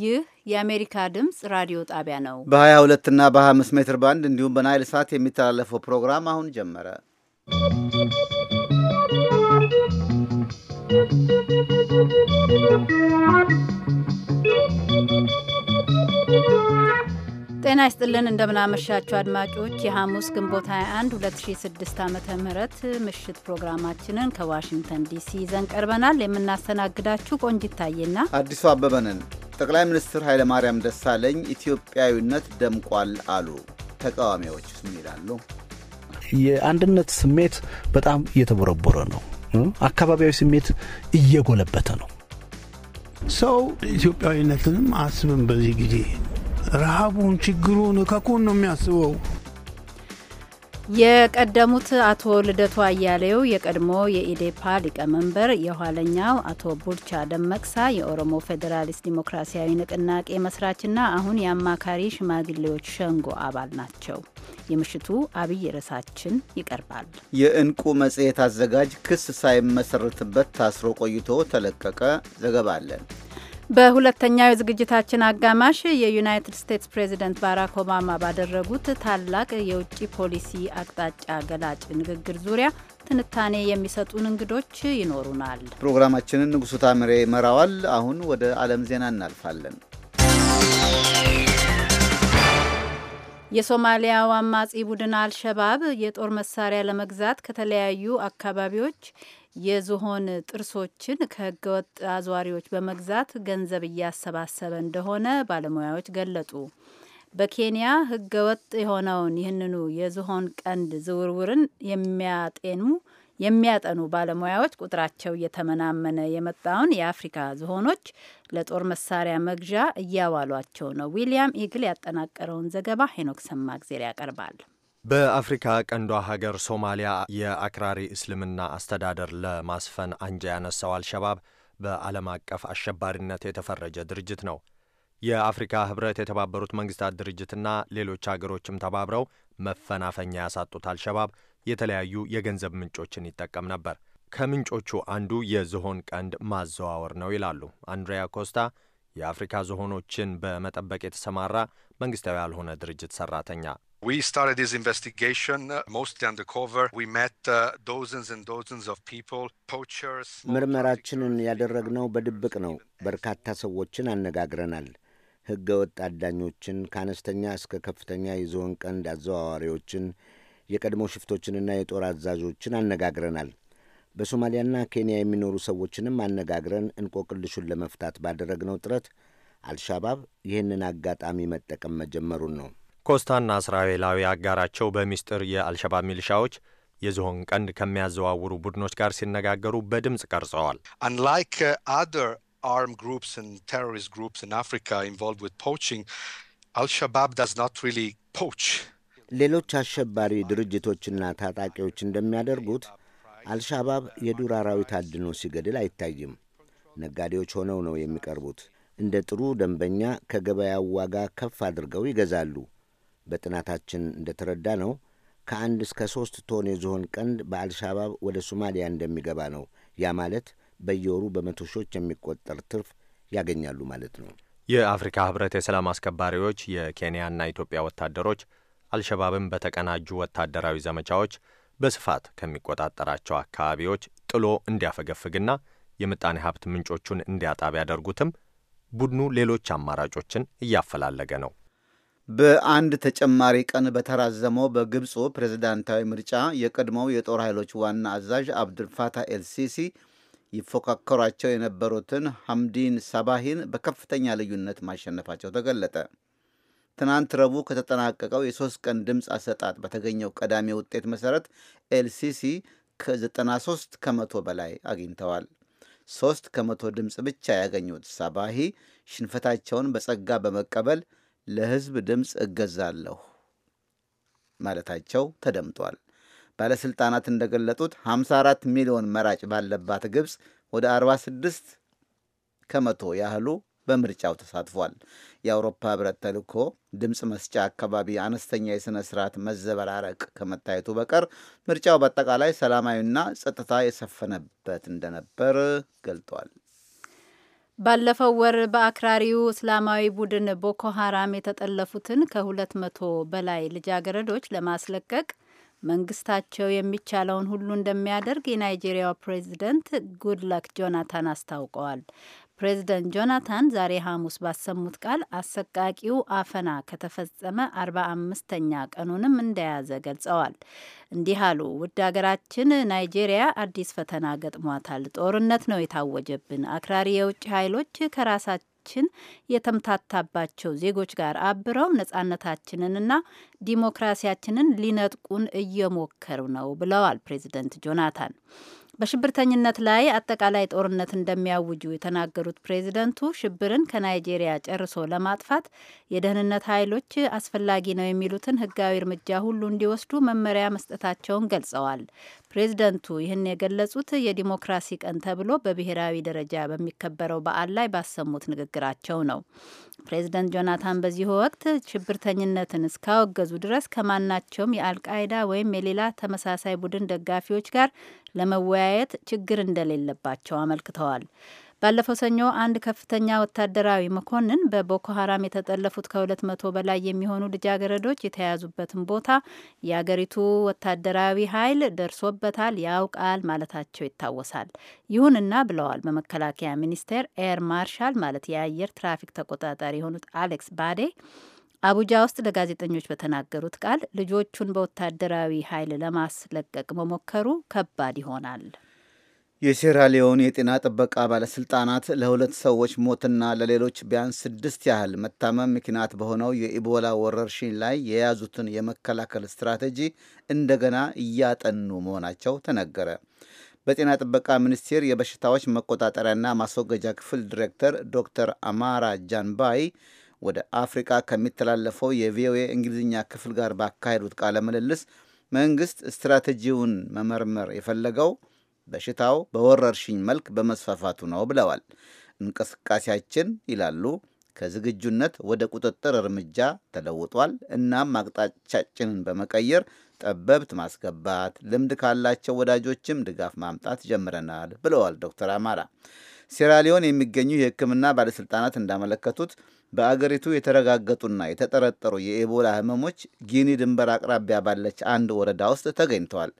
ይህ የአሜሪካ ድምፅ ራዲዮ ጣቢያ ነው። በ22 እና በ25 ሜትር ባንድ እንዲሁም በናይል ሳት የሚተላለፈው ፕሮግራም አሁን ጀመረ። ጤና ይስጥልን እንደምናመሻችሁ አድማጮች የሐሙስ ግንቦት 21 2006 ዓ ም ምሽት ፕሮግራማችንን ከዋሽንግተን ዲሲ ይዘን ቀርበናል። የምናስተናግዳችሁ ቆንጂት ታዬና አዲሱ አበበ ነን። ጠቅላይ ሚኒስትር ኃይለማርያም ደሳለኝ ኢትዮጵያዊነት ደምቋል አሉ። ተቃዋሚዎች ስም ይላሉ? የአንድነት ስሜት በጣም እየተቦረቦረ ነው። አካባቢያዊ ስሜት እየጎለበተ ነው። ሰው ኢትዮጵያዊነትንም አስብም በዚህ ጊዜ ረሃቡን፣ ችግሩን ከኩን ነው የሚያስበው። የቀደሙት አቶ ልደቱ አያሌው የቀድሞ የኢዴፓ ሊቀመንበር፣ የኋለኛው አቶ ቡልቻ ደመቅሳ የኦሮሞ ፌዴራሊስት ዲሞክራሲያዊ ንቅናቄ መስራችና አሁን የአማካሪ ሽማግሌዎች ሸንጎ አባል ናቸው። የምሽቱ አብይ ርዕሳችን ይቀርባል። የእንቁ መጽሔት አዘጋጅ ክስ ሳይመሰርትበት ታስሮ ቆይቶ ተለቀቀ። ዘገባ አለን። በሁለተኛው የዝግጅታችን አጋማሽ የዩናይትድ ስቴትስ ፕሬዚደንት ባራክ ኦባማ ባደረጉት ታላቅ የውጭ ፖሊሲ አቅጣጫ ገላጭ ንግግር ዙሪያ ትንታኔ የሚሰጡን እንግዶች ይኖሩናል። ፕሮግራማችንን ንጉሱ ታምሬ ይመራዋል። አሁን ወደ ዓለም ዜና እናልፋለን። የሶማሊያው አማጺ ቡድን አልሸባብ የጦር መሳሪያ ለመግዛት ከተለያዩ አካባቢዎች የዝሆን ጥርሶችን ከህገወጥ አዟሪዎች በመግዛት ገንዘብ እያሰባሰበ እንደሆነ ባለሙያዎች ገለጡ በኬንያ ህገወጥ የሆነውን ይህንኑ የዝሆን ቀንድ ዝውውርን የሚያጤኑ የሚያጠኑ ባለሙያዎች ቁጥራቸው እየተመናመነ የመጣውን የአፍሪካ ዝሆኖች ለጦር መሳሪያ መግዣ እያዋሏቸው ነው። ዊሊያም ኢግል ያጠናቀረውን ዘገባ ሄኖክ ሰማግዜር ያቀርባል። በአፍሪካ ቀንዷ ሀገር ሶማሊያ የአክራሪ እስልምና አስተዳደር ለማስፈን አንጃ ያነሳው አልሸባብ በዓለም አቀፍ አሸባሪነት የተፈረጀ ድርጅት ነው። የአፍሪካ ህብረት፣ የተባበሩት መንግስታት ድርጅትና ሌሎች አገሮችም ተባብረው መፈናፈኛ ያሳጡት አልሸባብ የተለያዩ የገንዘብ ምንጮችን ይጠቀም ነበር። ከምንጮቹ አንዱ የዝሆን ቀንድ ማዘዋወር ነው ይላሉ አንድሪያ ኮስታ፣ የአፍሪካ ዝሆኖችን በመጠበቅ የተሰማራ መንግስታዊ ያልሆነ ድርጅት ሰራተኛ። We started this investigation uh, mostly undercover. We met uh, dozens and dozens of people, poachers. ምርመራችንን ያደረግነው በድብቅ ነው። በርካታ ሰዎችን አነጋግረናል። ሕገ ወጥ አዳኞችን፣ ከአነስተኛ እስከ ከፍተኛ የዝሆን ቀንድ አዘዋዋሪዎችን፣ የቀድሞ ሽፍቶችንና የጦር አዛዦችን አነጋግረናል። በሶማሊያና ኬንያ የሚኖሩ ሰዎችንም አነጋግረን እንቆቅልሹን ለመፍታት ባደረግነው ጥረት አልሻባብ ይህንን አጋጣሚ መጠቀም መጀመሩን ነው። ኮስታና እስራኤላዊ አጋራቸው በሚስጥር የአልሸባብ ሚሊሻዎች የዝሆን ቀንድ ከሚያዘዋውሩ ቡድኖች ጋር ሲነጋገሩ በድምፅ ቀርጸዋል። አንላይክ አዘር አርምድ ግሩፕስ ን ቴሮሪስት ግሩፕስ ኢን አፍሪካ አልሸባብ ዳዝ ናት ሪሊ ፖች። ሌሎች አሸባሪ ድርጅቶችና ታጣቂዎች እንደሚያደርጉት አልሻባብ የዱር አራዊት አድኖ ሲገድል አይታይም። ነጋዴዎች ሆነው ነው የሚቀርቡት። እንደ ጥሩ ደንበኛ ከገበያው ዋጋ ከፍ አድርገው ይገዛሉ። በጥናታችን እንደተረዳ ነው ከአንድ እስከ ሶስት ቶን የዝሆን ቀንድ በአልሻባብ ወደ ሶማሊያ እንደሚገባ ነው። ያ ማለት በየወሩ በመቶ ሺዎች የሚቆጠር ትርፍ ያገኛሉ ማለት ነው። የአፍሪካ ህብረት የሰላም አስከባሪዎች የኬንያና ኢትዮጵያ ወታደሮች አልሸባብን በተቀናጁ ወታደራዊ ዘመቻዎች በስፋት ከሚቆጣጠራቸው አካባቢዎች ጥሎ እንዲያፈገፍግና የምጣኔ ሀብት ምንጮቹን እንዲያጣ ቢያደርጉትም ቡድኑ ሌሎች አማራጮችን እያፈላለገ ነው። በአንድ ተጨማሪ ቀን በተራዘመው በግብፁ ፕሬዝዳንታዊ ምርጫ የቀድሞው የጦር ኃይሎች ዋና አዛዥ አብዱልፋታህ ኤልሲሲ ይፎካከሯቸው የነበሩትን ሐምዲን ሳባሂን በከፍተኛ ልዩነት ማሸነፋቸው ተገለጠ። ትናንት ረቡዕ ከተጠናቀቀው የሦስት ቀን ድምፅ አሰጣጥ በተገኘው ቀዳሚ ውጤት መሠረት ኤልሲሲ ከ93 ከመቶ በላይ አግኝተዋል። ሦስት ከመቶ ድምፅ ብቻ ያገኙት ሳባሂ ሽንፈታቸውን በጸጋ በመቀበል ለህዝብ ድምፅ እገዛለሁ ማለታቸው ተደምጧል። ባለሥልጣናት እንደገለጡት 54 ሚሊዮን መራጭ ባለባት ግብፅ ወደ 46 ከመቶ ያህሉ በምርጫው ተሳትፏል። የአውሮፓ ህብረት ተልእኮ ድምፅ መስጫ አካባቢ አነስተኛ የሥነ ሥርዓት መዘበራረቅ ከመታየቱ በቀር ምርጫው በአጠቃላይ ሰላማዊና ጸጥታ የሰፈነበት እንደነበር ገልጧል። ባለፈው ወር በአክራሪው እስላማዊ ቡድን ቦኮ ሀራም የተጠለፉትን ከሁለት መቶ በላይ ልጃገረዶች ለማስለቀቅ መንግስታቸው የሚቻለውን ሁሉ እንደሚያደርግ የናይጄሪያው ፕሬዚደንት ጉድለክ ጆናታን አስታውቀዋል። ፕሬዚደንት ጆናታን ዛሬ ሐሙስ ባሰሙት ቃል አሰቃቂው አፈና ከተፈጸመ አርባ አምስተኛ ቀኑንም እንደያዘ ገልጸዋል። እንዲህ አሉ። ውድ ሀገራችን ናይጄሪያ አዲስ ፈተና ገጥሟታል። ጦርነት ነው የታወጀብን። አክራሪ የውጭ ኃይሎች ከራሳቸው ችን የተምታታባቸው ዜጎች ጋር አብረው ነጻነታችንንና ዲሞክራሲያችንን ሊነጥቁን እየሞከሩ ነው ብለዋል ፕሬዚደንት ጆናታን። በሽብርተኝነት ላይ አጠቃላይ ጦርነት እንደሚያውጁ የተናገሩት ፕሬዚደንቱ ሽብርን ከናይጄሪያ ጨርሶ ለማጥፋት የደህንነት ኃይሎች አስፈላጊ ነው የሚሉትን ሕጋዊ እርምጃ ሁሉ እንዲወስዱ መመሪያ መስጠታቸውን ገልጸዋል። ፕሬዚደንቱ ይህን የገለጹት የዲሞክራሲ ቀን ተብሎ በብሔራዊ ደረጃ በሚከበረው በዓል ላይ ባሰሙት ንግግራቸው ነው። ፕሬዚደንት ጆናታን በዚሁ ወቅት ሽብርተኝነትን እስካወገዙ ድረስ ከማናቸውም የአልቃይዳ ወይም የሌላ ተመሳሳይ ቡድን ደጋፊዎች ጋር ለመወያየት ችግር እንደሌለባቸው አመልክተዋል። ባለፈው ሰኞ አንድ ከፍተኛ ወታደራዊ መኮንን በቦኮ ሀራም የተጠለፉት ከሁለት መቶ በላይ የሚሆኑ ልጃገረዶች የተያዙበትን ቦታ የአገሪቱ ወታደራዊ ኃይል ደርሶበታል ያውቃል ማለታቸው ይታወሳል። ይሁንና ብለዋል በመከላከያ ሚኒስቴር ኤር ማርሻል ማለት የአየር ትራፊክ ተቆጣጣሪ የሆኑት አሌክስ ባዴ አቡጃ ውስጥ ለጋዜጠኞች በተናገሩት ቃል ልጆቹን በወታደራዊ ኃይል ለማስለቀቅ መሞከሩ ከባድ ይሆናል። የሴራሊዮን የጤና ጥበቃ ባለስልጣናት ለሁለት ሰዎች ሞትና ለሌሎች ቢያንስ ስድስት ያህል መታመም ምክንያት በሆነው የኢቦላ ወረርሽኝ ላይ የያዙትን የመከላከል ስትራቴጂ እንደገና እያጠኑ መሆናቸው ተነገረ። በጤና ጥበቃ ሚኒስቴር የበሽታዎች መቆጣጠሪያና ማስወገጃ ክፍል ዲሬክተር ዶክተር አማራ ጃንባይ ወደ አፍሪቃ ከሚተላለፈው የቪኦኤ እንግሊዝኛ ክፍል ጋር ባካሄዱት ቃለ ምልልስ መንግስት ስትራቴጂውን መመርመር የፈለገው በሽታው በወረርሽኝ መልክ በመስፋፋቱ ነው ብለዋል። እንቅስቃሴያችን ይላሉ ከዝግጁነት ወደ ቁጥጥር እርምጃ ተለውጧል። እናም አቅጣጫችንን በመቀየር ጠበብት ማስገባት፣ ልምድ ካላቸው ወዳጆችም ድጋፍ ማምጣት ጀምረናል ብለዋል ዶክተር አማራ። ሴራሊዮን የሚገኙ የሕክምና ባለሥልጣናት እንዳመለከቱት በአገሪቱ የተረጋገጡና የተጠረጠሩ የኢቦላ ህመሞች ጊኒ ድንበር አቅራቢያ ባለች አንድ ወረዳ ውስጥ ተገኝተዋል።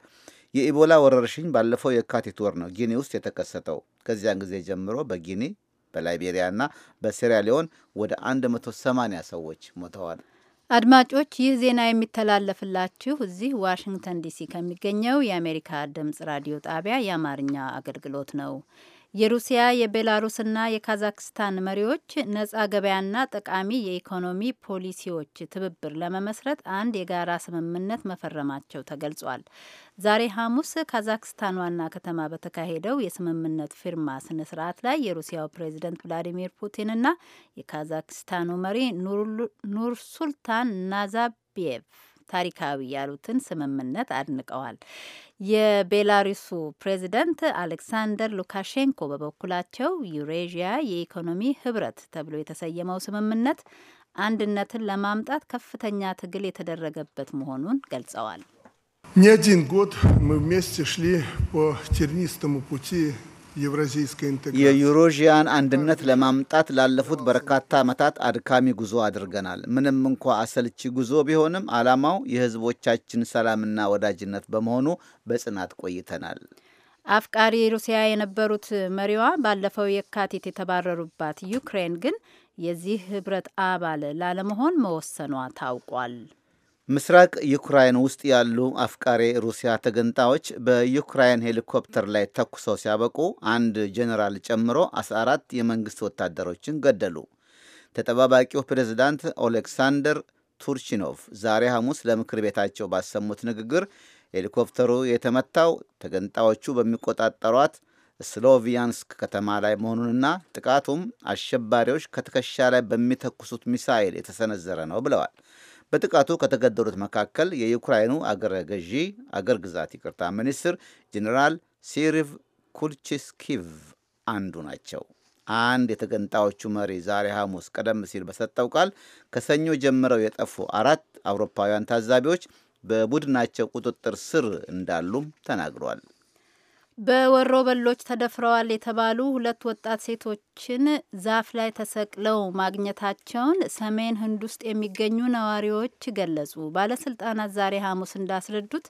የኢቦላ ወረርሽኝ ባለፈው የካቲት ወር ነው ጊኒ ውስጥ የተከሰተው። ከዚያን ጊዜ ጀምሮ በጊኒ በላይቤሪያና በሴራሊዮን ወደ 180 ሰዎች ሞተዋል። አድማጮች ይህ ዜና የሚተላለፍላችሁ እዚህ ዋሽንግተን ዲሲ ከሚገኘው የአሜሪካ ድምጽ ራዲዮ ጣቢያ የአማርኛ አገልግሎት ነው። የሩሲያ የቤላሩስና የካዛክስታን መሪዎች ነጻ ገበያና ጠቃሚ የኢኮኖሚ ፖሊሲዎች ትብብር ለመመስረት አንድ የጋራ ስምምነት መፈረማቸው ተገልጿል። ዛሬ ሐሙስ ካዛክስታን ዋና ከተማ በተካሄደው የስምምነት ፊርማ ስነ ስርዓት ላይ የሩሲያው ፕሬዚደንት ቭላዲሚር ፑቲንና የካዛክስታኑ መሪ ኑር ሱልጣን ታሪካዊ ያሉትን ስምምነት አድንቀዋል። የቤላሩሱ ፕሬዚደንት አሌክሳንደር ሉካሼንኮ በበኩላቸው ዩሬዥያ የኢኮኖሚ ህብረት ተብሎ የተሰየመው ስምምነት አንድነትን ለማምጣት ከፍተኛ ትግል የተደረገበት መሆኑን ገልጸዋል። не один год мы вместе шли по тернистому пути የዩሮዥያን አንድነት ለማምጣት ላለፉት በርካታ ዓመታት አድካሚ ጉዞ አድርገናል። ምንም እንኳ አሰልቺ ጉዞ ቢሆንም ዓላማው የሕዝቦቻችን ሰላምና ወዳጅነት በመሆኑ በጽናት ቆይተናል። አፍቃሪ ሩሲያ የነበሩት መሪዋ ባለፈው የካቲት የተባረሩባት ዩክሬን ግን የዚህ ህብረት አባል ላለመሆን መወሰኗ ታውቋል። ምስራቅ ዩክራይን ውስጥ ያሉ አፍቃሪ ሩሲያ ተገንጣዮች በዩክራይን ሄሊኮፕተር ላይ ተኩሰው ሲያበቁ አንድ ጄኔራል ጨምሮ 14 የመንግሥት ወታደሮችን ገደሉ። ተጠባባቂው ፕሬዝዳንት ኦሌክሳንደር ቱርቺኖቭ ዛሬ ሐሙስ ለምክር ቤታቸው ባሰሙት ንግግር ሄሊኮፕተሩ የተመታው ተገንጣዮቹ በሚቆጣጠሯት ስሎቪያንስክ ከተማ ላይ መሆኑንና ጥቃቱም አሸባሪዎች ከትከሻ ላይ በሚተኩሱት ሚሳይል የተሰነዘረ ነው ብለዋል። በጥቃቱ ከተገደሉት መካከል የዩክራይኑ አገረ ገዢ አገር ግዛት ይቅርታ ሚኒስትር ጄኔራል ሲሪቭ ኩልችስኪቭ አንዱ ናቸው። አንድ የተገንጣዮቹ መሪ ዛሬ ሐሙስ ቀደም ሲል በሰጠው ቃል ከሰኞ ጀምረው የጠፉ አራት አውሮፓውያን ታዛቢዎች በቡድናቸው ቁጥጥር ስር እንዳሉም ተናግሯል። በወሮ በሎች ተደፍረዋል የተባሉ ሁለት ወጣት ሴቶችን ዛፍ ላይ ተሰቅለው ማግኘታቸውን ሰሜን ህንድ ውስጥ የሚገኙ ነዋሪዎች ገለጹ። ባለስልጣናት ዛሬ ሐሙስ እንዳስረዱት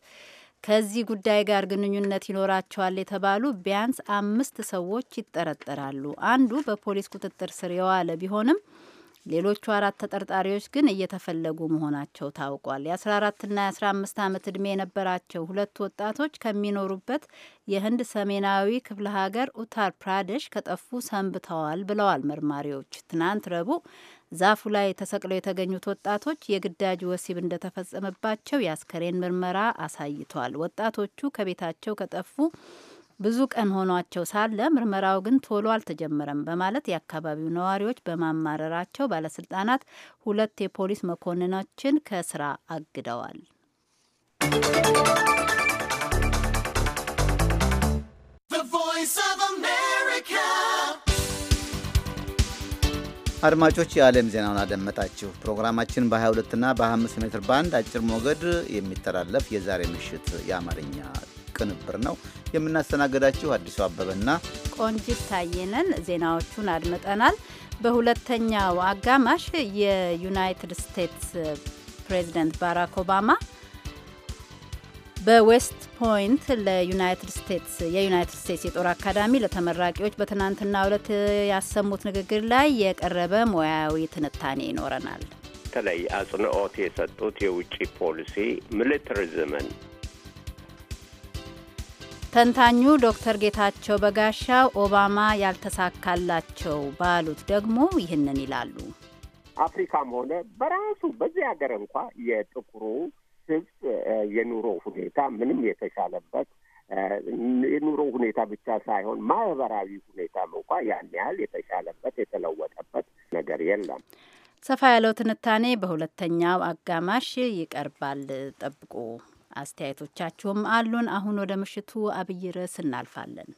ከዚህ ጉዳይ ጋር ግንኙነት ይኖራቸዋል የተባሉ ቢያንስ አምስት ሰዎች ይጠረጠራሉ። አንዱ በፖሊስ ቁጥጥር ስር የዋለ ቢሆንም ሌሎቹ አራት ተጠርጣሪዎች ግን እየተፈለጉ መሆናቸው ታውቋል። የ14ና የ15 ዓመት ዕድሜ የነበራቸው ሁለቱ ወጣቶች ከሚኖሩበት የህንድ ሰሜናዊ ክፍለ ሀገር ኡታር ፕራዴሽ ከጠፉ ሰንብተዋል ብለዋል መርማሪዎች። ትናንት ረቡዕ ዛፉ ላይ ተሰቅለው የተገኙት ወጣቶች የግዳጅ ወሲብ እንደተፈጸመባቸው የአስከሬን ምርመራ አሳይቷል። ወጣቶቹ ከቤታቸው ከጠፉ ብዙ ቀን ሆኗቸው ሳለ ምርመራው ግን ቶሎ አልተጀመረም በማለት የአካባቢው ነዋሪዎች በማማረራቸው ባለስልጣናት ሁለት የፖሊስ መኮንኖችን ከስራ አግደዋል። አድማጮች የዓለም ዜናውን አደመጣችሁ። ፕሮግራማችን በ22 እና በ25 ሜትር ባንድ አጭር ሞገድ የሚተላለፍ የዛሬ ምሽት የአማርኛ ቅንብር ነው የምናስተናግዳችሁ። አዲሱ አበበና ቆንጂት ታየነን። ዜናዎቹን አድምጠናል። በሁለተኛው አጋማሽ የዩናይትድ ስቴትስ ፕሬዚደንት ባራክ ኦባማ በዌስት ፖይንት ለዩናይትድ ስቴትስ የዩናይትድ ስቴትስ የጦር አካዳሚ ለተመራቂዎች በትናንትና ዕለት ያሰሙት ንግግር ላይ የቀረበ ሙያዊ ትንታኔ ይኖረናል። በተለይ አጽንኦት የሰጡት የውጭ ፖሊሲ ሚሊትሪዝምን ተንታኙ ዶክተር ጌታቸው በጋሻው ኦባማ ያልተሳካላቸው ባሉት ደግሞ ይህንን ይላሉ። አፍሪካም ሆነ በራሱ በዚህ ሀገር እንኳ የጥቁሩ ሕዝብ የኑሮ ሁኔታ ምንም የተሻለበት የኑሮ ሁኔታ ብቻ ሳይሆን ማህበራዊ ሁኔታም እንኳ ያን ያህል የተሻለበት የተለወጠበት ነገር የለም። ሰፋ ያለው ትንታኔ በሁለተኛው አጋማሽ ይቀርባል። ጠብቁ። አስተያየቶቻችሁም አሉን። አሁን ወደ ምሽቱ አብይ ርዕስ እናልፋለን።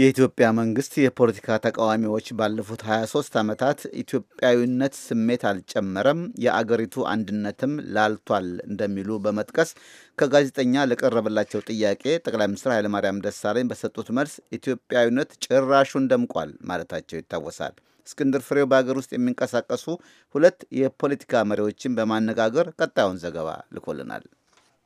የኢትዮጵያ መንግስት የፖለቲካ ተቃዋሚዎች ባለፉት 23 ዓመታት ኢትዮጵያዊነት ስሜት አልጨመረም፣ የአገሪቱ አንድነትም ላልቷል እንደሚሉ በመጥቀስ ከጋዜጠኛ ለቀረበላቸው ጥያቄ ጠቅላይ ሚኒስትር ኃይለማርያም ደሳለኝ በሰጡት መልስ ኢትዮጵያዊነት ጭራሹን ደምቋል ማለታቸው ይታወሳል። እስክንድር ፍሬው በሀገር ውስጥ የሚንቀሳቀሱ ሁለት የፖለቲካ መሪዎችን በማነጋገር ቀጣዩን ዘገባ ልኮልናል።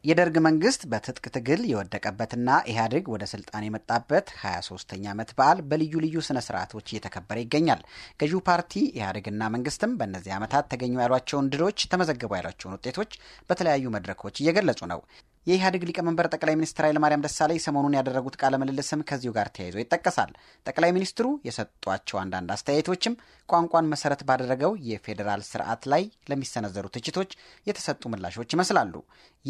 የደርግ መንግስት በትጥቅ ትግል የወደቀበትና ኢህአዴግ ወደ ስልጣን የመጣበት 23ኛ ዓመት በዓል በልዩ ልዩ ስነ ስርዓቶች እየተከበረ ይገኛል። ገዢው ፓርቲ ኢህአዴግና መንግስትም በእነዚህ ዓመታት ተገኙ ያሏቸውን ድሎች፣ ተመዘገቡ ያሏቸውን ውጤቶች በተለያዩ መድረኮች እየገለጹ ነው። የኢህአዴግ ሊቀመንበር ጠቅላይ ሚኒስትር ኃይለማርያም ደሳለኝ ሰሞኑን ያደረጉት ቃለ ምልልስም ከዚሁ ጋር ተያይዞ ይጠቀሳል። ጠቅላይ ሚኒስትሩ የሰጧቸው አንዳንድ አስተያየቶችም ቋንቋን መሰረት ባደረገው የፌዴራል ስርዓት ላይ ለሚሰነዘሩ ትችቶች የተሰጡ ምላሾች ይመስላሉ።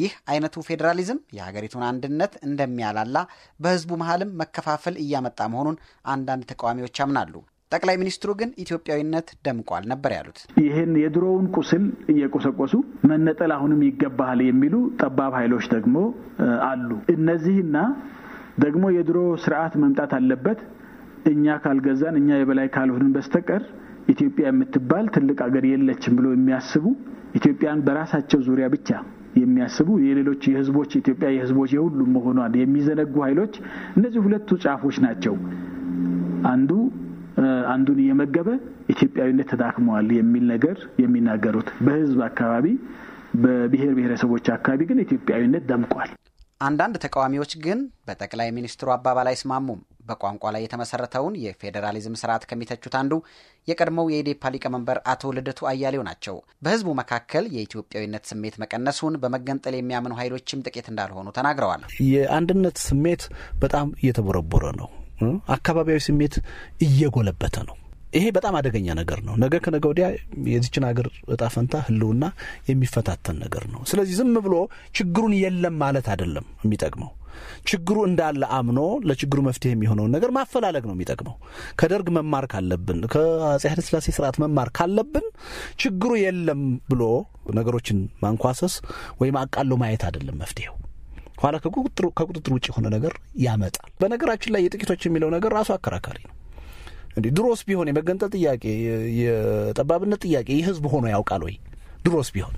ይህ አይነቱ ፌዴራሊዝም የሀገሪቱን አንድነት እንደሚያላላ፣ በህዝቡ መሀልም መከፋፈል እያመጣ መሆኑን አንዳንድ ተቃዋሚዎች ያምናሉ። ጠቅላይ ሚኒስትሩ ግን ኢትዮጵያዊነት ደምቋል ነበር ያሉት። ይህን የድሮውን ቁስል እየቆሰቆሱ መነጠል አሁንም ይገባሃል የሚሉ ጠባብ ኃይሎች ደግሞ አሉ። እነዚህና ደግሞ የድሮ ስርዓት መምጣት አለበት እኛ ካልገዛን እኛ የበላይ ካልሆንን በስተቀር ኢትዮጵያ የምትባል ትልቅ አገር የለችም ብሎ የሚያስቡ ኢትዮጵያን በራሳቸው ዙሪያ ብቻ የሚያስቡ የሌሎች የህዝቦች ኢትዮጵያ የህዝቦች የሁሉም መሆኗን የሚዘነጉ ኃይሎች እነዚህ ሁለቱ ጫፎች ናቸው። አንዱ አንዱን እየመገበ ኢትዮጵያዊነት ተዳክመዋል የሚል ነገር የሚናገሩት በህዝብ አካባቢ በብሔር ብሔረሰቦች አካባቢ ግን ኢትዮጵያዊነት ደምቋል። አንዳንድ ተቃዋሚዎች ግን በጠቅላይ ሚኒስትሩ አባባል አይስማሙም። በቋንቋ ላይ የተመሰረተውን የፌዴራሊዝም ስርዓት ከሚተቹት አንዱ የቀድሞው የኢዴፓ ሊቀመንበር አቶ ልደቱ አያሌው ናቸው። በህዝቡ መካከል የኢትዮጵያዊነት ስሜት መቀነሱን በመገንጠል የሚያምኑ ኃይሎችም ጥቂት እንዳልሆኑ ተናግረዋል። የአንድነት ስሜት በጣም እየተቦረቦረ ነው። አካባቢያዊ ስሜት እየጎለበተ ነው። ይሄ በጣም አደገኛ ነገር ነው። ነገ ከነገ ወዲያ የዚችን ሀገር እጣ ፈንታ ህልውና የሚፈታተን ነገር ነው። ስለዚህ ዝም ብሎ ችግሩን የለም ማለት አይደለም የሚጠቅመው ችግሩ እንዳለ አምኖ ለችግሩ መፍትሄ የሚሆነውን ነገር ማፈላለግ ነው የሚጠቅመው። ከደርግ መማር ካለብን፣ ከአጼ ኃይለሥላሴ ስርዓት መማር ካለብን ችግሩ የለም ብሎ ነገሮችን ማንኳሰስ ወይም አቃሎ ማየት አይደለም መፍትሄው። ኋላ ከቁጥጥር ውጭ የሆነ ነገር ያመጣል። በነገራችን ላይ የጥቂቶች የሚለው ነገር ራሱ አከራካሪ ነው። እንዲህ ድሮስ ቢሆን የመገንጠል ጥያቄ የጠባብነት ጥያቄ የህዝብ ሆኖ ያውቃል ወይ? ድሮስ ቢሆን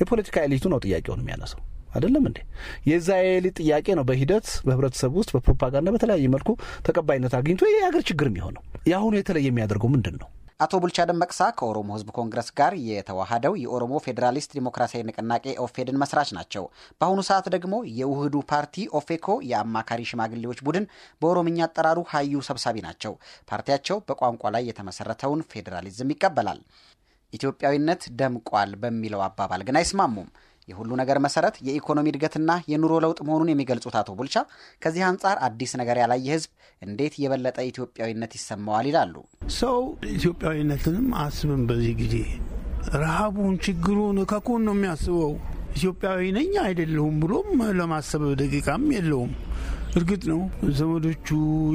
የፖለቲካ ኤሊቱ ነው ጥያቄውን የሚያነሳው አይደለም እንዴ? የዛ የኤሊት ጥያቄ ነው በሂደት በህብረተሰብ ውስጥ በፕሮፓጋንዳ በተለያየ መልኩ ተቀባይነት አግኝቶ የሀገር ችግር የሚሆነው። የአሁኑ የተለየ የሚያደርገው ምንድን ነው? አቶ ቡልቻ ደመቅሳ ከኦሮሞ ህዝብ ኮንግረስ ጋር የተዋሃደው የኦሮሞ ፌዴራሊስት ዲሞክራሲያዊ ንቅናቄ ኦፌድን መስራች ናቸው። በአሁኑ ሰዓት ደግሞ የውህዱ ፓርቲ ኦፌኮ የአማካሪ ሽማግሌዎች ቡድን በኦሮምኛ አጠራሩ ሀዩ ሰብሳቢ ናቸው። ፓርቲያቸው በቋንቋ ላይ የተመሰረተውን ፌዴራሊዝም ይቀበላል። ኢትዮጵያዊነት ደምቋል በሚለው አባባል ግን አይስማሙም። የሁሉ ነገር መሰረት የኢኮኖሚ እድገትና የኑሮ ለውጥ መሆኑን የሚገልጹት አቶ ቡልቻ ከዚህ አንጻር አዲስ ነገር ያላየ ህዝብ እንዴት የበለጠ ኢትዮጵያዊነት ይሰማዋል ይላሉ። ሰው ኢትዮጵያዊነትንም አስብም በዚህ ጊዜ ረሃቡን፣ ችግሩን ከኩን ነው የሚያስበው። ኢትዮጵያዊ ነኝ አይደለሁም ብሎም ለማሰብ ደቂቃም የለውም። እርግጥ ነው ዘመዶቹ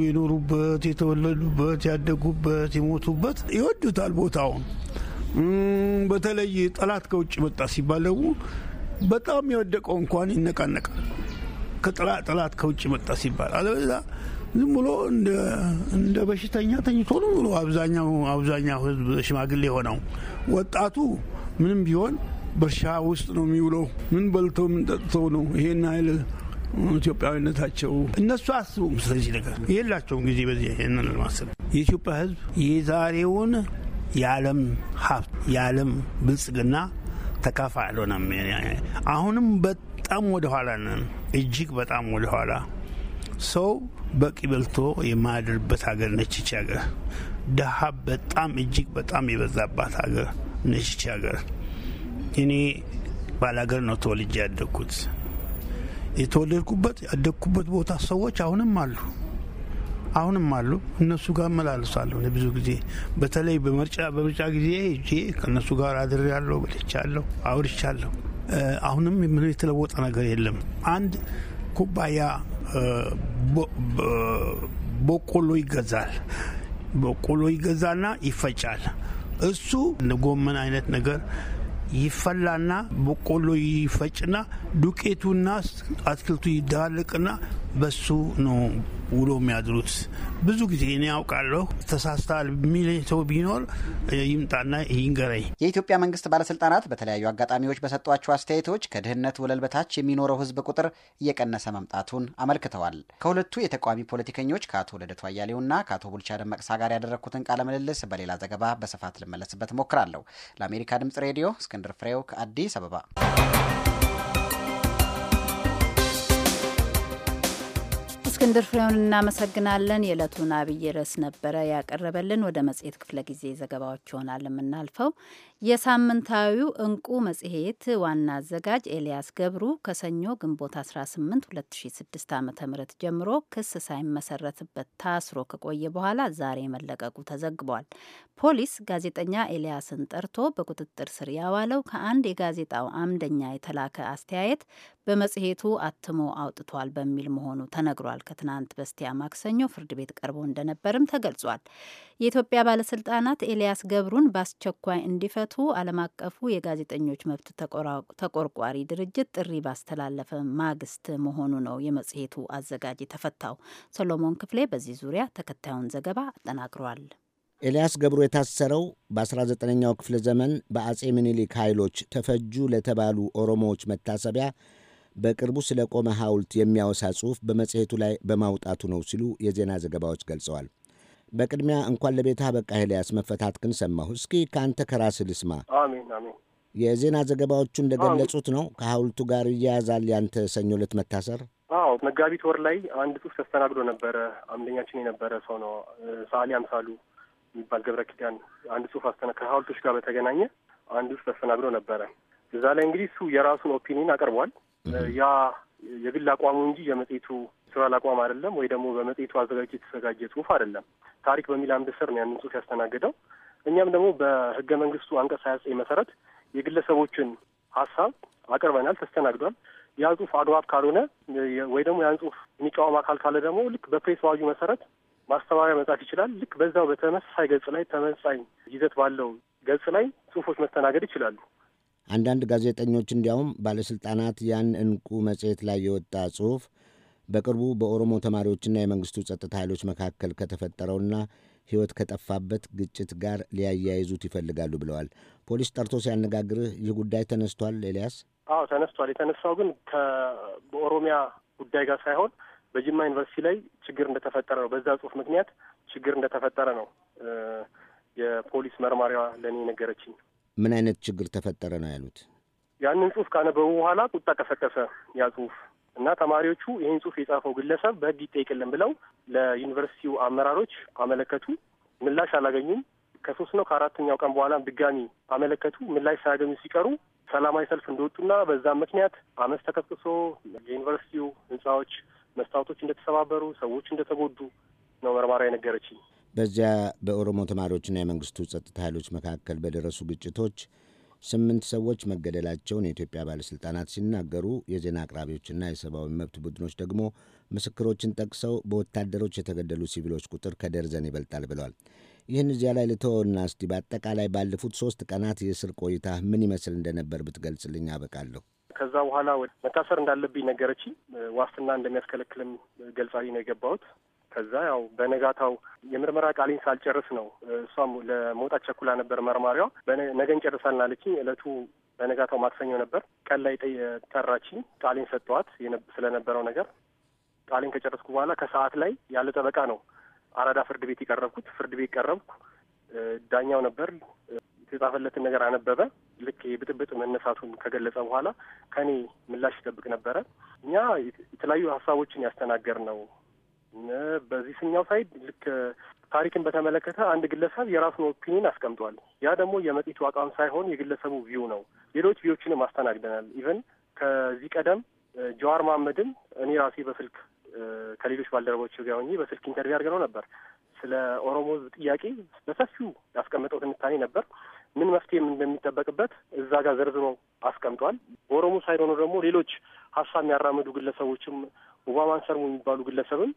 የኖሩበት የተወለዱበት ያደጉበት የሞቱበት ይወዱታል ቦታውን። በተለይ ጠላት ከውጭ መጣ ሲባል ደግሞ በጣም የወደቀው እንኳን ይነቃነቃል። ከጥላ ጥላት ከውጭ መጣ ሲባል አለበዛ ዝም ብሎ እንደ በሽተኛ ተኝቶ ነው ብሎ አብዛኛው አብዛኛው ህዝብ ሽማግሌ የሆነው ወጣቱ ምንም ቢሆን በእርሻ ውስጥ ነው የሚውለው። ምን በልቶ ምን ጠጥቶ ነው ይሄን ኃይል ኢትዮጵያዊነታቸው እነሱ አስቡም ስለዚህ ነገር የላቸውም ጊዜ በዚህ ይህንን ለማሰብ የኢትዮጵያ ህዝብ የዛሬውን የዓለም ሀብት የዓለም ብልጽግና ተካፋ አልሆነም። አሁንም በጣም ወደኋላ ነን፣ እጅግ በጣም ወደኋላ። ሰው በቂ በልቶ የማያድርበት ሀገር ነችች ሀገር። ድሀ በጣም እጅግ በጣም የበዛባት ሀገር ነችች ሀገር። እኔ ባላገር ነው ተወልጄ ያደግኩት። የተወለድኩበት ያደግኩበት ቦታ ሰዎች አሁንም አሉ አሁንም አሉ። እነሱ ጋር እመላለሳለሁ ብዙ ጊዜ በተለይ በምርጫ ጊዜ ሄጄ ከእነሱ ጋር አድሬያለሁ፣ በልቻለሁ፣ አውርቻለሁ። አሁንም የተለወጠ ነገር የለም። አንድ ኩባያ በቆሎ ይገዛል። በቆሎ ይገዛና ይፈጫል። እሱ ጎመን አይነት ነገር ይፈላና በቆሎ ይፈጭና ዱቄቱና አትክልቱ ይደባለቅና በሱ ነው ውሎ የሚያድሩት። ብዙ ጊዜ እኔ ያውቃለሁ ተሳስተሃል የሚል ሰው ቢኖር ይምጣና ይንገረኝ። የኢትዮጵያ መንግስት ባለስልጣናት በተለያዩ አጋጣሚዎች በሰጧቸው አስተያየቶች ከድህነት ወለል በታች የሚኖረው ህዝብ ቁጥር እየቀነሰ መምጣቱን አመልክተዋል። ከሁለቱ የተቃዋሚ ፖለቲከኞች ከአቶ ልደቱ አያሌውና ከአቶ ቡልቻ ደመቅሳ ጋር ያደረግኩትን ቃለ ምልልስ በሌላ ዘገባ በስፋት ልመለስበት ሞክራለሁ። ለአሜሪካ ድምጽ ሬዲዮ እስክንድር ፍሬው ከአዲስ አበባ እስክንድር ፍሬውን እናመሰግናለን። የዕለቱን አብይ ርዕስ ነበረ ያቀረበልን። ወደ መጽሔት ክፍለ ጊዜ ዘገባዎች ይሆናል የምናልፈው። የሳምንታዊው እንቁ መጽሔት ዋና አዘጋጅ ኤልያስ ገብሩ ከሰኞ ግንቦት 18 2006 ዓ ም ጀምሮ ክስ ሳይመሰረትበት ታስሮ ከቆየ በኋላ ዛሬ መለቀቁ ተዘግቧል። ፖሊስ ጋዜጠኛ ኤልያስን ጠርቶ በቁጥጥር ስር ያዋለው ከአንድ የጋዜጣው አምደኛ የተላከ አስተያየት በመጽሔቱ አትሞ አውጥቷል በሚል መሆኑ ተነግሯል። ከትናንት በስቲያ ማክሰኞ ፍርድ ቤት ቀርቦ እንደነበርም ተገልጿል። የኢትዮጵያ ባለስልጣናት ኤልያስ ገብሩን በአስቸኳይ እንዲፈ በዕለቱ ዓለም አቀፉ የጋዜጠኞች መብት ተቆርቋሪ ድርጅት ጥሪ ባስተላለፈ ማግስት መሆኑ ነው የመጽሔቱ አዘጋጅ የተፈታው። ሰሎሞን ክፍሌ በዚህ ዙሪያ ተከታዩን ዘገባ አጠናቅሯል። ኤልያስ ገብሩ የታሰረው በ19ኛው ክፍለ ዘመን በአጼ ምኒልክ ኃይሎች ተፈጁ ለተባሉ ኦሮሞዎች መታሰቢያ በቅርቡ ስለ ቆመ ሐውልት የሚያወሳ ጽሑፍ በመጽሔቱ ላይ በማውጣቱ ነው ሲሉ የዜና ዘገባዎች ገልጸዋል። በቅድሚያ እንኳን ለቤታ በቃ ኤልያስ መፈታትክን ሰማሁ። እስኪ ከአንተ ከራስህ ልስማ። አሜን አሜን። የዜና ዘገባዎቹ እንደገለጹት ነው ከሐውልቱ ጋር እያያዛል ያንተ ሰኞ ዕለት መታሰር። አዎ መጋቢት ወር ላይ አንድ ጽሁፍ ተስተናግዶ ነበረ። አምደኛችን የነበረ ሰው ነው ሳሊ አምሳሉ የሚባል ገብረ ኪዳን አንድ ጽሁፍ አስተና ከሐውልቶች ጋር በተገናኘ አንድ ጽሁፍ ተስተናግዶ ነበረ። እዛ ላይ እንግዲህ እሱ የራሱን ኦፒኒን አቀርቧል። ያ የግል አቋሙ እንጂ የመጽሄቱ ስራ አቋም አይደለም፣ ወይ ደግሞ በመጽሄቱ አዘጋጅ የተዘጋጀ ጽሁፍ አይደለም። ታሪክ በሚል አምድ ስር ነው ያንን ጽሁፍ ያስተናገደው። እኛም ደግሞ በህገ መንግስቱ አንቀጽ ሀያ ዘጠኝ መሰረት የግለሰቦችን ሀሳብ አቅርበናል፣ ተስተናግዷል። ያ ጽሁፍ አግባብ ካልሆነ ወይ ደግሞ ያን ጽሁፍ የሚቃወም አካል ካለ ደግሞ ልክ በፕሬስ አዋጁ መሰረት ማስተባበያ መጻፍ ይችላል። ልክ በዛው በተመሳሳይ ገጽ ላይ ተመሳሳይ ይዘት ባለው ገጽ ላይ ጽሁፎች መስተናገድ ይችላሉ። አንዳንድ ጋዜጠኞች እንዲያውም ባለሥልጣናት ያን እንቁ መጽሔት ላይ የወጣ ጽሑፍ በቅርቡ በኦሮሞ ተማሪዎችና የመንግሥቱ ጸጥታ ኃይሎች መካከል ከተፈጠረውና ሕይወት ከጠፋበት ግጭት ጋር ሊያያይዙት ይፈልጋሉ ብለዋል። ፖሊስ ጠርቶ ሲያነጋግርህ ይህ ጉዳይ ተነስቷል ኤልያስ? አዎ ተነስቷል። የተነሳው ግን ከኦሮሚያ ጉዳይ ጋር ሳይሆን በጅማ ዩኒቨርሲቲ ላይ ችግር እንደተፈጠረ ነው። በዛ ጽሑፍ ምክንያት ችግር እንደተፈጠረ ነው የፖሊስ መርማሪዋ ለእኔ የነገረችኝ። ምን አይነት ችግር ተፈጠረ ነው ያሉት? ያንን ጽሁፍ ካነበቡ በኋላ ቁጣ ቀሰቀሰ ያ ጽሁፍ እና ተማሪዎቹ ይህን ጽሁፍ የጻፈው ግለሰብ በህግ ይጠይቅልን ብለው ለዩኒቨርሲቲው አመራሮች አመለከቱ። ምላሽ አላገኙም። ከሶስት ነው ከአራተኛው ቀን በኋላም ድጋሚ አመለከቱ። ምላሽ ሳያገኙ ሲቀሩ ሰላማዊ ሰልፍ እንደወጡና በዛም ምክንያት አመፅ ተቀስቅሶ የዩኒቨርሲቲው ህንጻዎች መስታወቶች እንደተሰባበሩ፣ ሰዎች እንደተጎዱ ነው መርማሪ የነገረችኝ። በዚያ በኦሮሞ ተማሪዎችና የመንግስቱ ጸጥታ ኃይሎች መካከል በደረሱ ግጭቶች ስምንት ሰዎች መገደላቸውን የኢትዮጵያ ባለሥልጣናት ሲናገሩ የዜና አቅራቢዎችና የሰብአዊ መብት ቡድኖች ደግሞ ምስክሮችን ጠቅሰው በወታደሮች የተገደሉ ሲቪሎች ቁጥር ከደርዘን ይበልጣል ብለዋል። ይህን እዚያ ላይ ልተወና እስቲ በአጠቃላይ ባለፉት ሶስት ቀናት የእስር ቆይታ ምን ይመስል እንደነበር ብትገልጽልኝ አበቃለሁ። ከዛ በኋላ መታሰር እንዳለብኝ ነገረችኝ። ዋስትና እንደሚያስከለክልም ገልጻልኝ ነው የገባሁት። ከዛ ያው በነጋታው የምርመራ ቃሌን ሳልጨርስ ነው እሷም ለመውጣት ቸኩላ ነበር። መርማሪዋ ነገ እንጨርሳለን አለችኝ። እለቱ በነጋታው ማክሰኞ ነበር። ቀን ላይ ጠራችኝ። ቃሌን ሰጠዋት ስለነበረው ነገር። ቃሌን ከጨረስኩ በኋላ ከሰዓት ላይ ያለ ጠበቃ ነው አራዳ ፍርድ ቤት የቀረብኩት። ፍርድ ቤት ቀረብኩ። ዳኛው ነበር የተጻፈለትን ነገር አነበበ። ልክ የብጥብጥ መነሳቱን ከገለጸ በኋላ ከኔ ምላሽ ይጠብቅ ነበረ። እኛ የተለያዩ ሀሳቦችን ያስተናገር ነው በዚህ ስኛው ሳይድ ልክ ታሪክን በተመለከተ አንድ ግለሰብ የራሱን ኦፒኒን አስቀምጧል። ያ ደግሞ የመጽሔቱ አቋም ሳይሆን የግለሰቡ ቪው ነው። ሌሎች ቪዎችንም አስተናግደናል። ኢቨን ከዚህ ቀደም ጀዋር መሀመድም እኔ ራሴ በስልክ ከሌሎች ባልደረቦች ጋር ሆኜ በስልክ ኢንተርቪው አድርገነው ነበር። ስለ ኦሮሞ ጥያቄ በሰፊው ያስቀመጠው ትንታኔ ነበር። ምን መፍትሄም እንደሚጠበቅበት እዛ ጋር ዘርዝሮ አስቀምጧል። በኦሮሞ ሳይድ ደግሞ ሌሎች ሀሳብ የሚያራምዱ ግለሰቦችም ኦባማን ሰርሙ የሚባሉ ግለሰብም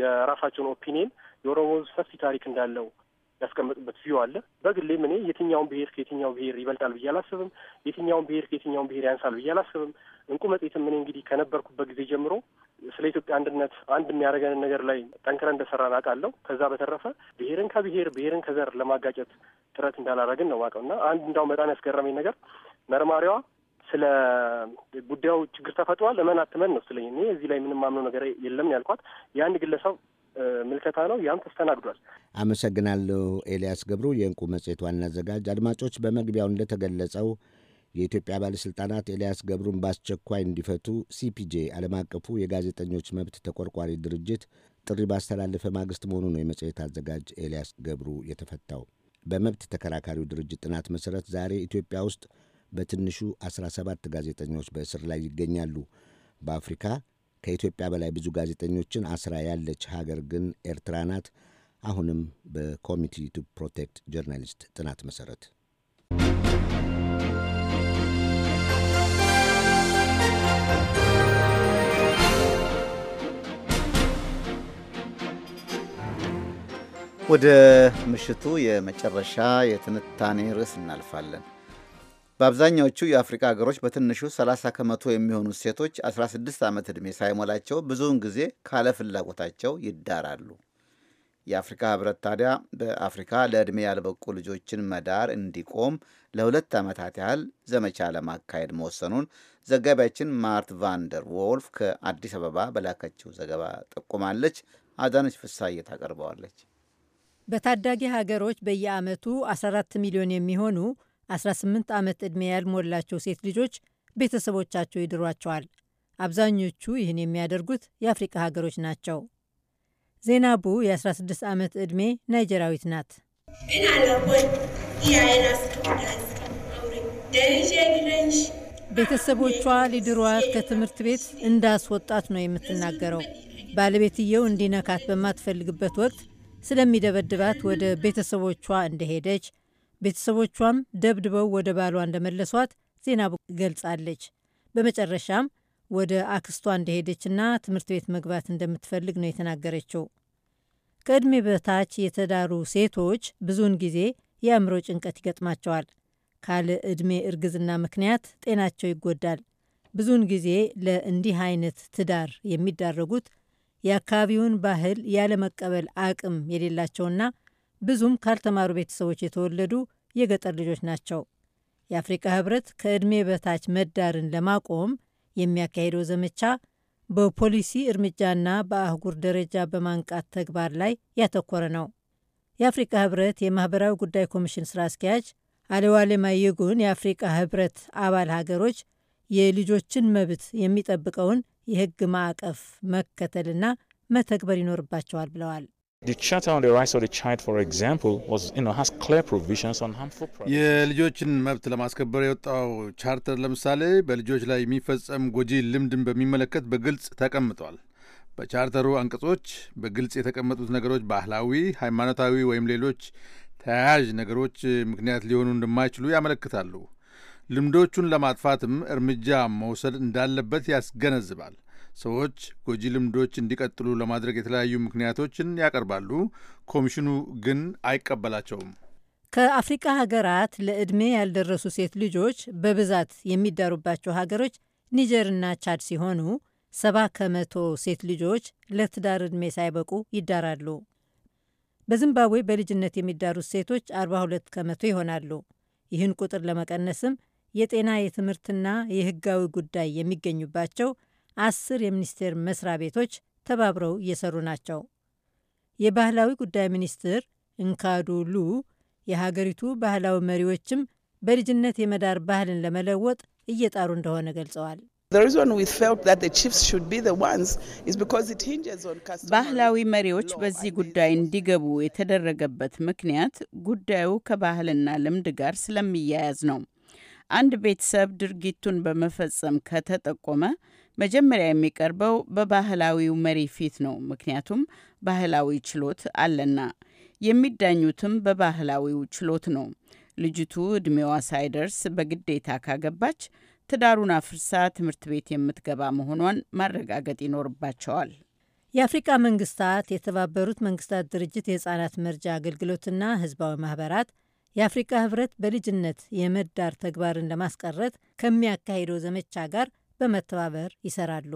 የራሳቸውን ኦፒኒየን የኦሮሞ ሰፊ ታሪክ እንዳለው ያስቀመጡበት ቪዩ አለ። በግሌም እኔ የትኛውን ብሄር ከየትኛው ብሄር ይበልጣል ብዬ አላስብም። የትኛውን ብሄር ከየትኛውን ብሄር ያንሳል ብዬ አላስብም። እንቁ መጤትም እኔ እንግዲህ ከነበርኩበት ጊዜ ጀምሮ ስለ ኢትዮጵያ አንድነት አንድ የሚያደርገንን ነገር ላይ ጠንክረን እንደሰራን አውቃለሁ። ከዛ በተረፈ ብሄርን ከብሄር ብሄርን ከዘር ለማጋጨት ጥረት እንዳላረግን ነው አውቀው እና አንድ እንዳውም በጣም ያስገረመኝ ነገር መርማሪዋ ስለ ጉዳዩ ችግር ተፈጥሯል እመን አትመን ነው ስለኝ እኔ እዚህ ላይ ምንም ማምነው ነገር የለም ያልኳት የአንድ ግለሰብ ምልከታ ነው። ያም ተስተናግዷል። አመሰግናለሁ። ኤልያስ ገብሩ የእንቁ መጽሔት ዋና አዘጋጅ። አድማጮች፣ በመግቢያው እንደተገለጸው የኢትዮጵያ ባለሥልጣናት ኤልያስ ገብሩን በአስቸኳይ እንዲፈቱ ሲፒጄ ዓለም አቀፉ የጋዜጠኞች መብት ተቆርቋሪ ድርጅት ጥሪ ባስተላለፈ ማግስት መሆኑ ነው የመጽሔት አዘጋጅ ኤልያስ ገብሩ የተፈታው። በመብት ተከራካሪው ድርጅት ጥናት መሠረት ዛሬ ኢትዮጵያ ውስጥ በትንሹ 17 ጋዜጠኞች በእስር ላይ ይገኛሉ። በአፍሪካ ከኢትዮጵያ በላይ ብዙ ጋዜጠኞችን አስራ ያለች ሀገር ግን ኤርትራ ናት። አሁንም በኮሚቲ ቱ ፕሮቴክት ጆርናሊስት ጥናት መሠረት ወደ ምሽቱ የመጨረሻ የትንታኔ ርዕስ እናልፋለን። በአብዛኛዎቹ የአፍሪካ ሀገሮች በትንሹ 30 ከመቶ የሚሆኑ ሴቶች 16 ዓመት ዕድሜ ሳይሞላቸው ብዙውን ጊዜ ካለ ፍላጎታቸው ይዳራሉ። የአፍሪካ ህብረት ታዲያ በአፍሪካ ለዕድሜ ያልበቁ ልጆችን መዳር እንዲቆም ለሁለት ዓመታት ያህል ዘመቻ ለማካሄድ መወሰኑን ዘጋቢያችን ማርት ቫንደር ዎልፍ ከአዲስ አበባ በላከችው ዘገባ ጠቁማለች። አዳነች ፍሳዬ ታቀርበዋለች። በታዳጊ ሀገሮች በየዓመቱ 14 ሚሊዮን የሚሆኑ 18 ዓመት ዕድሜ ያልሞላቸው ሴት ልጆች ቤተሰቦቻቸው ይድሯቸዋል። አብዛኞቹ ይህን የሚያደርጉት የአፍሪቃ ሀገሮች ናቸው። ዜናቡ የ16 ዓመት ዕድሜ ናይጀሪያዊት ናት። ቤተሰቦቿ ሊድሯት ከትምህርት ቤት እንዳስወጣት ነው የምትናገረው። ባለቤትየው እንዲነካት በማትፈልግበት ወቅት ስለሚደበድባት ወደ ቤተሰቦቿ እንደሄደች ቤተሰቦቿም ደብድበው ወደ ባሏ እንደመለሷት ዜና ገልጻለች። በመጨረሻም ወደ አክስቷ እንደሄደችና ትምህርት ቤት መግባት እንደምትፈልግ ነው የተናገረችው። ከዕድሜ በታች የተዳሩ ሴቶች ብዙውን ጊዜ የአእምሮ ጭንቀት ይገጥማቸዋል። ካለ ዕድሜ እርግዝና ምክንያት ጤናቸው ይጎዳል። ብዙውን ጊዜ ለእንዲህ አይነት ትዳር የሚዳረጉት የአካባቢውን ባህል ያለመቀበል አቅም የሌላቸውና ብዙም ካልተማሩ ቤተሰቦች የተወለዱ የገጠር ልጆች ናቸው። የአፍሪካ ህብረት ከዕድሜ በታች መዳርን ለማቆም የሚያካሂደው ዘመቻ በፖሊሲ እርምጃና በአህጉር ደረጃ በማንቃት ተግባር ላይ ያተኮረ ነው። የአፍሪካ ህብረት የማህበራዊ ጉዳይ ኮሚሽን ስራ አስኪያጅ አሌዋሌ የጉን የአፍሪካ ህብረት አባል ሀገሮች የልጆችን መብት የሚጠብቀውን የህግ ማዕቀፍ መከተልና መተግበር ይኖርባቸዋል ብለዋል። የልጆችን መብት ለማስከበር የወጣው ቻርተር ለምሳሌ በልጆች ላይ የሚፈጸም ጎጂ ልምድን በሚመለከት በግልጽ ተቀምጧል። በቻርተሩ አንቀጾች በግልጽ የተቀመጡት ነገሮች ባህላዊ፣ ሃይማኖታዊ ወይም ሌሎች ተያያዥ ነገሮች ምክንያት ሊሆኑ እንደማይችሉ ያመለክታሉ። ልምዶቹን ለማጥፋትም እርምጃ መውሰድ እንዳለበት ያስገነዝባል። ሰዎች ጎጂ ልምዶች እንዲቀጥሉ ለማድረግ የተለያዩ ምክንያቶችን ያቀርባሉ። ኮሚሽኑ ግን አይቀበላቸውም። ከአፍሪቃ ሀገራት ለዕድሜ ያልደረሱ ሴት ልጆች በብዛት የሚዳሩባቸው ሀገሮች ኒጀርና ቻድ ሲሆኑ ሰባ ከመቶ ሴት ልጆች ለትዳር ዕድሜ ሳይበቁ ይዳራሉ። በዚምባብዌ በልጅነት የሚዳሩት ሴቶች 42 ከመቶ ይሆናሉ። ይህን ቁጥር ለመቀነስም የጤና የትምህርትና የሕጋዊ ጉዳይ የሚገኙባቸው አስር የሚኒስቴር መስሪያ ቤቶች ተባብረው እየሰሩ ናቸው። የባህላዊ ጉዳይ ሚኒስትር እንካዱ ሉ የሀገሪቱ ባህላዊ መሪዎችም በልጅነት የመዳር ባህልን ለመለወጥ እየጣሩ እንደሆነ ገልጸዋል። ባህላዊ መሪዎች በዚህ ጉዳይ እንዲገቡ የተደረገበት ምክንያት ጉዳዩ ከባህልና ልምድ ጋር ስለሚያያዝ ነው። አንድ ቤተሰብ ድርጊቱን በመፈጸም ከተጠቆመ መጀመሪያ የሚቀርበው በባህላዊው መሪ ፊት ነው። ምክንያቱም ባህላዊ ችሎት አለና የሚዳኙትም በባህላዊው ችሎት ነው። ልጅቱ ዕድሜዋ ሳይደርስ በግዴታ ካገባች ትዳሩን አፍርሳ ትምህርት ቤት የምትገባ መሆኗን ማረጋገጥ ይኖርባቸዋል። የአፍሪቃ መንግስታት፣ የተባበሩት መንግስታት ድርጅት የህፃናት መርጃ አገልግሎትና ህዝባዊ ማህበራት የአፍሪካ ህብረት በልጅነት የመዳር ተግባርን ለማስቀረት ከሚያካሂደው ዘመቻ ጋር በመተባበር ይሰራሉ።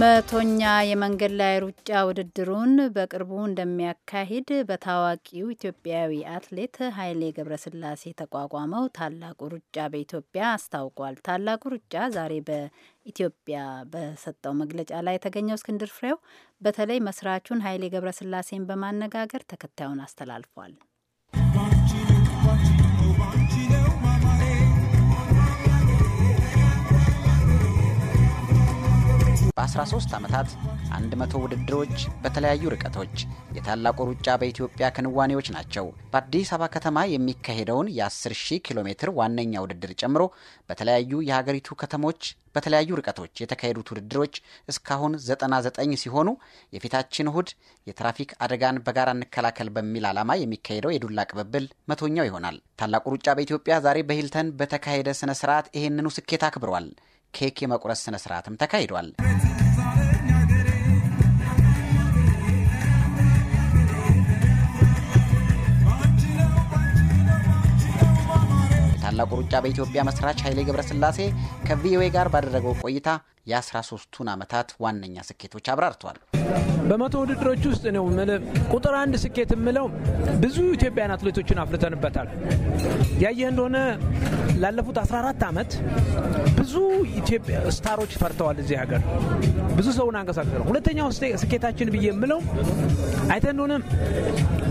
መቶኛ የመንገድ ላይ ሩጫ ውድድሩን በቅርቡ እንደሚያካሂድ በታዋቂው ኢትዮጵያዊ አትሌት ኃይሌ ገብረስላሴ የተቋቋመው ታላቁ ሩጫ በኢትዮጵያ አስታውቋል። ታላቁ ሩጫ ዛሬ በኢትዮጵያ በሰጠው መግለጫ ላይ የተገኘው እስክንድር ፍሬው በተለይ መስራቹን ኃይሌ ገብረስላሴን በማነጋገር ተከታዩን አስተላልፏል። በ13 ዓመታት 100 ውድድሮች በተለያዩ ርቀቶች የታላቁ ሩጫ በኢትዮጵያ ክንዋኔዎች ናቸው። በአዲስ አበባ ከተማ የሚካሄደውን የ10 ሺህ ኪሎ ሜትር ዋነኛ ውድድር ጨምሮ በተለያዩ የሀገሪቱ ከተሞች በተለያዩ ርቀቶች የተካሄዱት ውድድሮች እስካሁን 99 ሲሆኑ የፊታችን እሁድ የትራፊክ አደጋን በጋራ እንከላከል በሚል ዓላማ የሚካሄደው የዱላ ቅብብል መቶኛው ይሆናል። ታላቁ ሩጫ በኢትዮጵያ ዛሬ በሂልተን በተካሄደ ስነ ስርዓት ይህንኑ ስኬት አክብሯል። ኬክ የመቁረስ ስነ ስርዓትም ተካሂዷል። ታላቁ ሩጫ በኢትዮጵያ መስራች ኃይሌ ገብረስላሴ ከቪኦኤ ጋር ባደረገው ቆይታ የአስራ ሶስቱን ዓመታት ዋነኛ ስኬቶች አብራርተዋል። በመቶ ውድድሮች ውስጥ ነው ቁጥር አንድ ስኬት የምለው ብዙ ኢትዮጵያውያን አትሌቶችን አፍርተንበታል። ያየህ እንደሆነ ላለፉት 14 ዓመት ብዙ ኢትዮጵያ ስታሮች ፈርተዋል። እዚህ ሀገር ብዙ ሰውን አንቀሳቅሰው። ሁለተኛው ስኬታችን ብዬ የምለው አይተህ እንደሆነ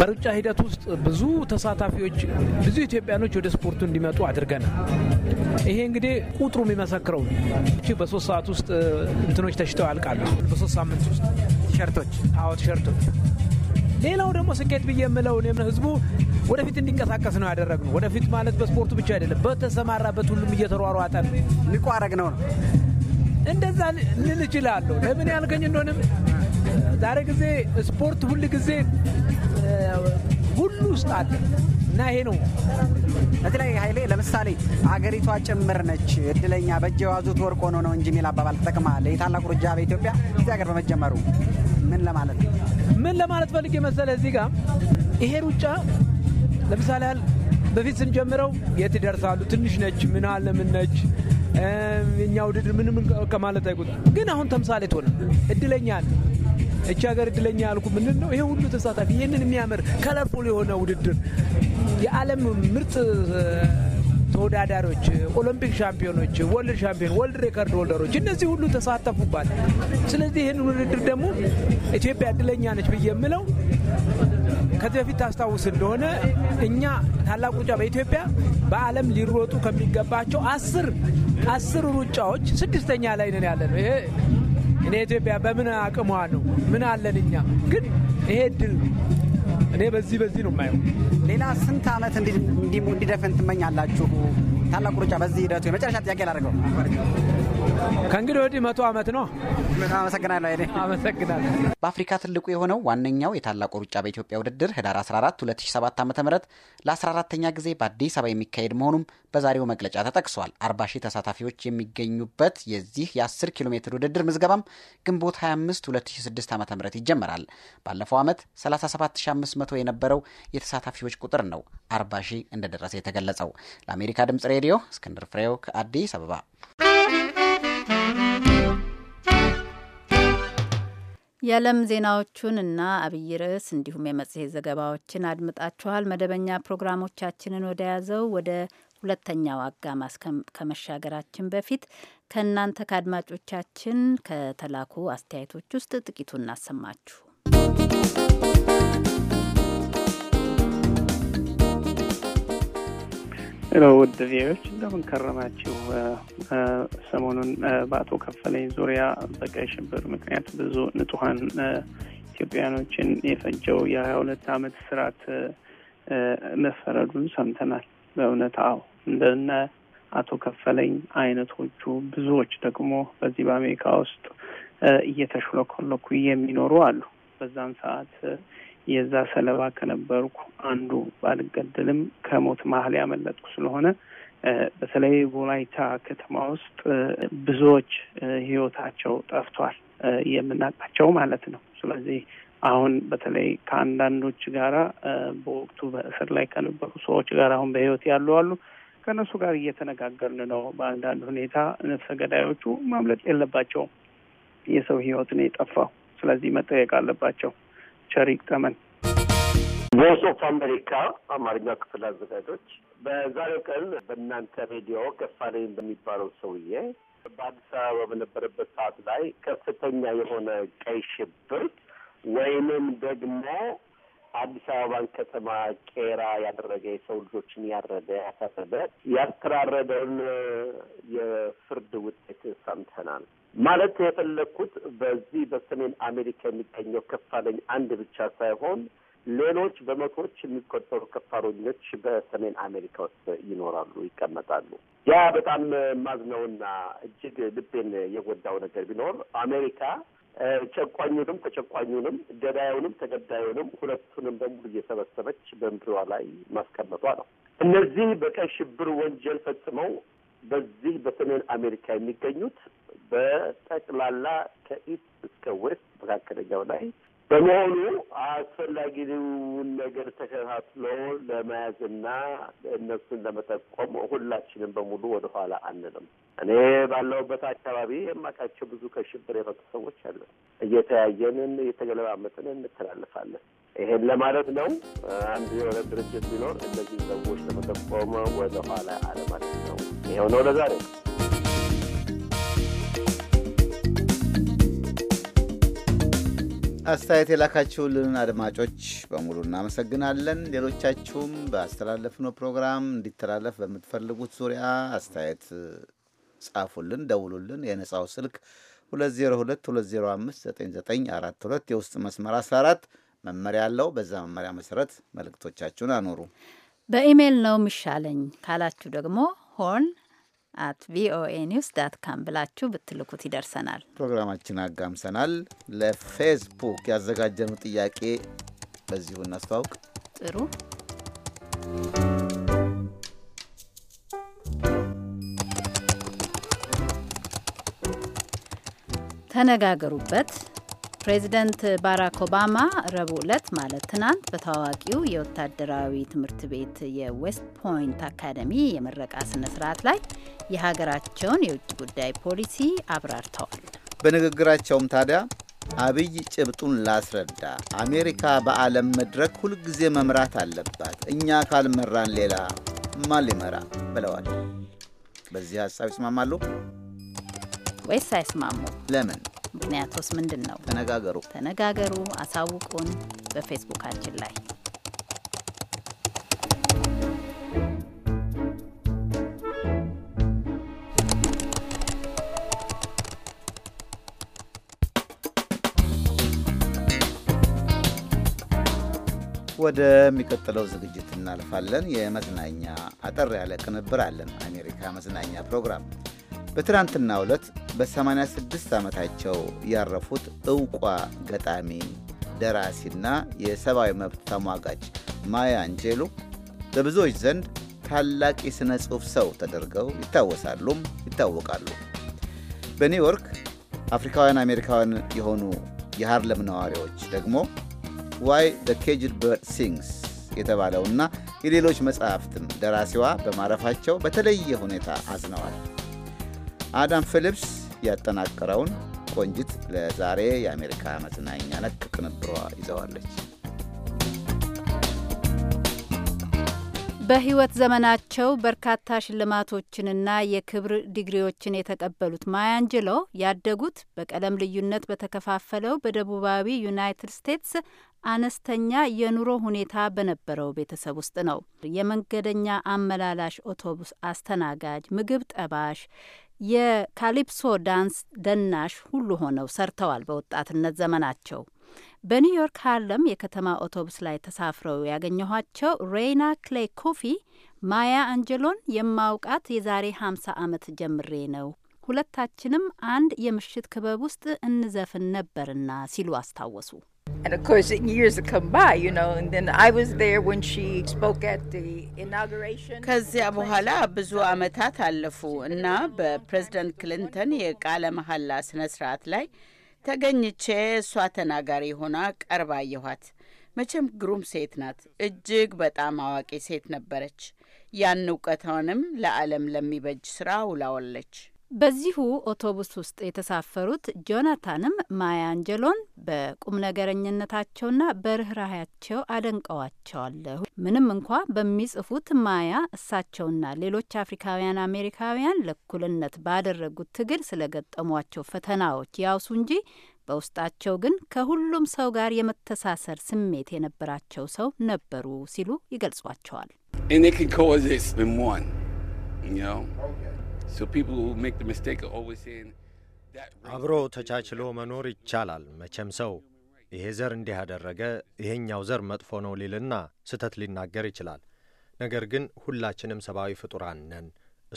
በሩጫ ሂደት ውስጥ ብዙ ተሳታፊዎች፣ ብዙ ኢትዮጵያኖች ወደ ስፖርቱ እንዲመጡ አድርገናል። ይሄ እንግዲህ ቁጥሩ የሚመሰክረው በሶስት ሰዓት ውስጥ ውስጥ እንትኖች ተሽተው ያልቃሉ። በሶስት ሳምንት ውስጥ ቲሸርቶች። አዎ ቲሸርቶች። ሌላው ደግሞ ስኬት ብዬ የምለው ህዝቡ ወደፊት እንዲንቀሳቀስ ነው ያደረግነው። ወደፊት ማለት በስፖርቱ ብቻ አይደለም፣ በተሰማራበት ሁሉም እየተሯሯጠ ንቁ አደረግነው ነው። እንደዛ ልል እችላለሁ። ለምን ያልከኝ እንደሆንም ዛሬ ጊዜ ስፖርት ሁል ጊዜ ሁሉ ውስጥ አለ እና ይሄ ነው በተለይ ኃይሌ ለምሳሌ አገሪቷ ጭምር ነች እድለኛ በእጅ የዋዙት ወርቅ ሆኖ ነው እንጂ የሚል አባባል ተጠቅመሃል። የታላቁ ሩጫ በኢትዮጵያ እዚህ ሀገር በመጀመሩ ምን ለማለት ነው? ምን ለማለት ፈልግ የመሰለ እዚህ ጋር ይሄ ሩጫ ለምሳሌ ያህል በፊት ስንጀምረው የት ይደርሳሉ? ትንሽ ነች፣ ምን አለ ምን ነች እኛ ውድድር ምንም ከማለት አይቁጥ ግን አሁን ተምሳሌት ሆነ እድለኛ እቺ ሀገር እድለኛ ያልኩ ምንድን ነው? ይሄ ሁሉ ተሳታፊ ይህንን የሚያምር ከለርፉል የሆነ ውድድር የዓለም ምርጥ ተወዳዳሪዎች፣ ኦሎምፒክ ሻምፒዮኖች፣ ወልድ ሻምፒዮን፣ ወልድ ሬከርድ ሆልደሮች እነዚህ ሁሉ ተሳተፉባት። ስለዚህ ይህን ውድድር ደግሞ ኢትዮጵያ እድለኛ ነች ብዬ የምለው ከዚህ በፊት ታስታውስ እንደሆነ እኛ ታላቁ ሩጫ በኢትዮጵያ በዓለም ሊሮጡ ከሚገባቸው አስር አስር ሩጫዎች ስድስተኛ ላይ ነን ያለ ነው። እኔ ኢትዮጵያ በምን አቅሟ ነው? ምን አለን እኛ? ግን ይሄ ድል እኔ በዚህ በዚህ ነው የማየው። ሌላ ስንት ዓመት እንዲደፈን ትመኛላችሁ? ታላቁ ሩጫ በዚህ ሂደቱ የመጨረሻ ጥያቄ ላደርገው ከእንግዲህ ወዲህ መቶ ዓመት ነው። አመሰግናለሁ። አይኔ አመሰግናለሁ። በአፍሪካ ትልቁ የሆነው ዋነኛው የታላቁ ሩጫ በኢትዮጵያ ውድድር ህዳር 14 2007 ዓ ም ለ14ተኛ ጊዜ በአዲስ አበባ የሚካሄድ መሆኑም በዛሬው መግለጫ ተጠቅሷል። 40 ሺህ ተሳታፊዎች የሚገኙበት የዚህ የ10 ኪሎ ሜትር ውድድር ምዝገባም ግንቦት 25 2006 ዓ ም ይጀመራል። ባለፈው ዓመት 37500 የነበረው የተሳታፊዎች ቁጥር ነው 40 ሺህ እንደደረሰ የተገለጸው። ለአሜሪካ ድምጽ ሬዲዮ እስክንድር ፍሬው ከአዲስ አበባ የዓለም ዜናዎቹን እና አብይ ርዕስ እንዲሁም የመጽሔት ዘገባዎችን አድምጣችኋል። መደበኛ ፕሮግራሞቻችንን ወደ ያዘው ወደ ሁለተኛው አጋማሽ ከመሻገራችን በፊት ከእናንተ ከአድማጮቻችን ከተላኩ አስተያየቶች ውስጥ ጥቂቱ እናሰማችሁ። ሄሎ ውድ ዜዎች እንደምን ከረማችሁ። ሰሞኑን በአቶ ከፈለኝ ዙሪያ በቀይ ሽብር ምክንያት ብዙ ንጹሀን ኢትዮጵያኖችን የፈጀው የሀያ ሁለት አመት ስርዓት መፈረዱን ሰምተናል። በእውነት አዎ እንደነ አቶ ከፈለኝ አይነቶቹ ብዙዎች ደግሞ በዚህ በአሜሪካ ውስጥ እየተሽለኮለኩ የሚኖሩ አሉ። በዛም ሰዓት የዛ ሰለባ ከነበርኩ አንዱ ባልገደልም ከሞት መሀል ያመለጥኩ ስለሆነ በተለይ ቦላይታ ከተማ ውስጥ ብዙዎች ህይወታቸው ጠፍቷል የምናውቃቸው ማለት ነው። ስለዚህ አሁን በተለይ ከአንዳንዶች ጋራ በወቅቱ በእስር ላይ ከነበሩ ሰዎች ጋር አሁን በህይወት ያሉ አሉ ከእነሱ ጋር እየተነጋገርን ነው። በአንዳንድ ሁኔታ ነፍሰ ገዳዮቹ ማምለጥ የለባቸውም። የሰው ህይወት ነው የጠፋው። ስለዚህ መጠየቅ አለባቸው። ቸር ይግጠመን። ቮይስ ኦፍ አሜሪካ አማርኛ ክፍል አዘጋጆች በዛሬው ቀን በእናንተ ሬዲዮ ገፋሌን በሚባለው ሰውዬ በአዲስ አበባ በነበረበት ሰዓት ላይ ከፍተኛ የሆነ ቀይ ሽብር ወይንም ደግሞ አዲስ አበባን ከተማ ቄራ ያደረገ የሰው ልጆችን ያረደ ያሳረደ ያስተራረደውን የፍርድ ውጤት ሰምተናል። ማለት የፈለግኩት በዚህ በሰሜን አሜሪካ የሚገኘው ከፋለኝ አንድ ብቻ ሳይሆን ሌሎች በመቶዎች የሚቆጠሩ ከፋለኞች በሰሜን አሜሪካ ውስጥ ይኖራሉ፣ ይቀመጣሉ። ያ በጣም ማዝነውና እጅግ ልቤን የጎዳው ነገር ቢኖር አሜሪካ ጨቋኙንም ተጨቋኙንም ገዳዩንም ተገዳዩንም ሁለቱንም በሙሉ እየሰበሰበች በምድሯ ላይ ማስቀመጧ ነው። እነዚህ በቀን ሽብር ወንጀል ፈጽመው በዚህ በሰሜን አሜሪካ የሚገኙት በጠቅላላ ከኢስት እስከ ዌስት መካከለኛው ላይ በመሆኑ አስፈላጊውን ነገር ተከታትሎ ለመያዝና እነሱን ለመጠቆም ሁላችንም በሙሉ ወደ ኋላ አንልም። እኔ ባለሁበት አካባቢ የማውቃቸው ብዙ ከሽብር የፈቱ ሰዎች አሉ። እየተያየንን እየተገለባመጥን እንተላልፋለን። ይሄን ለማለት ነው። አንድ የሆነ ድርጅት ቢኖር እነዚህ ሰዎች ለመጠቆም ወደ ኋላ አለማለት ነው። ይኸው ነው ለዛሬ። አስተያየት የላካችሁልን አድማጮች በሙሉ እናመሰግናለን። ሌሎቻችሁም በአስተላለፍነው ፕሮግራም እንዲተላለፍ በምትፈልጉት ዙሪያ አስተያየት ጻፉልን፣ ደውሉልን። የነጻው ስልክ 2022059942 የውስጥ መስመር 14 መመሪያ አለው። በዛ መመሪያ መሰረት መልእክቶቻችሁን አኖሩ። በኢሜይል ነው የሚሻለኝ ካላችሁ ደግሞ ሆን አት ቪኦኤ ኒውስ ዳት ካም ብላችሁ ብትልኩት ይደርሰናል። ፕሮግራማችን አጋምሰናል። ለፌስቡክ ያዘጋጀነው ጥያቄ በዚሁ እናስተዋውቅ። ጥሩ ተነጋገሩበት። ፕሬዚደንት ባራክ ኦባማ ረቡዕ ዕለት ማለት ትናንት በታዋቂው የወታደራዊ ትምህርት ቤት የዌስት ፖይንት አካደሚ የምረቃ ስነ ስርዓት ላይ የሀገራቸውን የውጭ ጉዳይ ፖሊሲ አብራርተዋል። በንግግራቸውም ታዲያ አብይ ጭብጡን ላስረዳ፣ አሜሪካ በዓለም መድረክ ሁልጊዜ መምራት አለባት፣ እኛ ካልመራን ሌላ ማን ሊመራ ብለዋል። በዚህ ሀሳብ ይስማማሉ ወይስ አይስማሙ? ለምን? ምክንያቶስ ምንድን ነው? ተነጋገሩ ተነጋገሩ፣ አሳውቁን በፌስቡካችን ላይ ወደሚቀጥለው ዝግጅት እናልፋለን። የመዝናኛ አጠር ያለ ቅንብር አለን። አሜሪካ መዝናኛ ፕሮግራም በትናንትና ዕለት በ86 ዓመታቸው ያረፉት እውቋ ገጣሚ ደራሲና የሰብአዊ መብት ተሟጋች ማያ አንጄሉ በብዙዎች ዘንድ ታላቅ የሥነ ጽሑፍ ሰው ተደርገው ይታወሳሉም ይታወቃሉ። በኒውዮርክ አፍሪካውያን አሜሪካውያን የሆኑ የሃርለም ነዋሪዎች ደግሞ ዋይ ደ ኬጅድ በርድ ሲንግስ የተባለውና የሌሎች መጽሐፍትም ደራሲዋ በማረፋቸው በተለየ ሁኔታ አዝነዋል። አዳም ፊሊፕስ ያጠናቀረውን ቆንጅት ለዛሬ የአሜሪካ መዝናኛ ነክ ቅንብሯ ይዘዋለች። በሕይወት ዘመናቸው በርካታ ሽልማቶችንና የክብር ዲግሪዎችን የተቀበሉት ማያንጅሎ ያደጉት በቀለም ልዩነት በተከፋፈለው በደቡባዊ ዩናይትድ ስቴትስ አነስተኛ የኑሮ ሁኔታ በነበረው ቤተሰብ ውስጥ ነው። የመንገደኛ አመላላሽ ኦቶቡስ አስተናጋጅ፣ ምግብ ጠባሽ፣ የካሊፕሶ ዳንስ ደናሽ ሁሉ ሆነው ሰርተዋል በወጣትነት ዘመናቸው። በኒውዮርክ ሃርለም የከተማ አውቶቡስ ላይ ተሳፍረው ያገኘኋቸው ሬይና ክሌ ኮፊ ማያ አንጀሎን የማውቃት የዛሬ 50 ዓመት ጀምሬ ነው ሁለታችንም አንድ የምሽት ክበብ ውስጥ እንዘፍን ነበርና ሲሉ አስታወሱ። And of course, years have come by, you know, and then I was there when she spoke at the inauguration. ከዚያ በኋላ ብዙ ዓመታት አለፉ እና በፕሬዝደንት ክሊንተን የቃለ መሐላ ስነ ስርዓት ላይ ተገኝቼ እሷ ተናጋሪ ሆና ቀርባ አየኋት። መቼም ግሩም ሴት ናት። እጅግ በጣም አዋቂ ሴት ነበረች። ያን እውቀቷንም ለዓለም ለሚበጅ ስራ ውላዋለች። በዚሁ አውቶቡስ ውስጥ የተሳፈሩት ጆናታንም ማያ አንጀሎን በቁም ነገረኝነታቸውና በርኅራያቸው አደንቀዋቸዋለሁ። ምንም እንኳ በሚጽፉት ማያ እሳቸውና ሌሎች አፍሪካውያን አሜሪካውያን ለእኩልነት ባደረጉት ትግል ስለገጠሟቸው ፈተናዎች ያውሱ እንጂ በውስጣቸው ግን ከሁሉም ሰው ጋር የመተሳሰር ስሜት የነበራቸው ሰው ነበሩ ሲሉ ይገልጿቸዋል። አብሮ ተቻችሎ መኖር ይቻላል። መቼም ሰው ይሄ ዘር እንዲህ ያደረገ ይሄኛው ዘር መጥፎ ነው ሊልና ስህተት ሊናገር ይችላል። ነገር ግን ሁላችንም ሰብአዊ ፍጡራን ነን።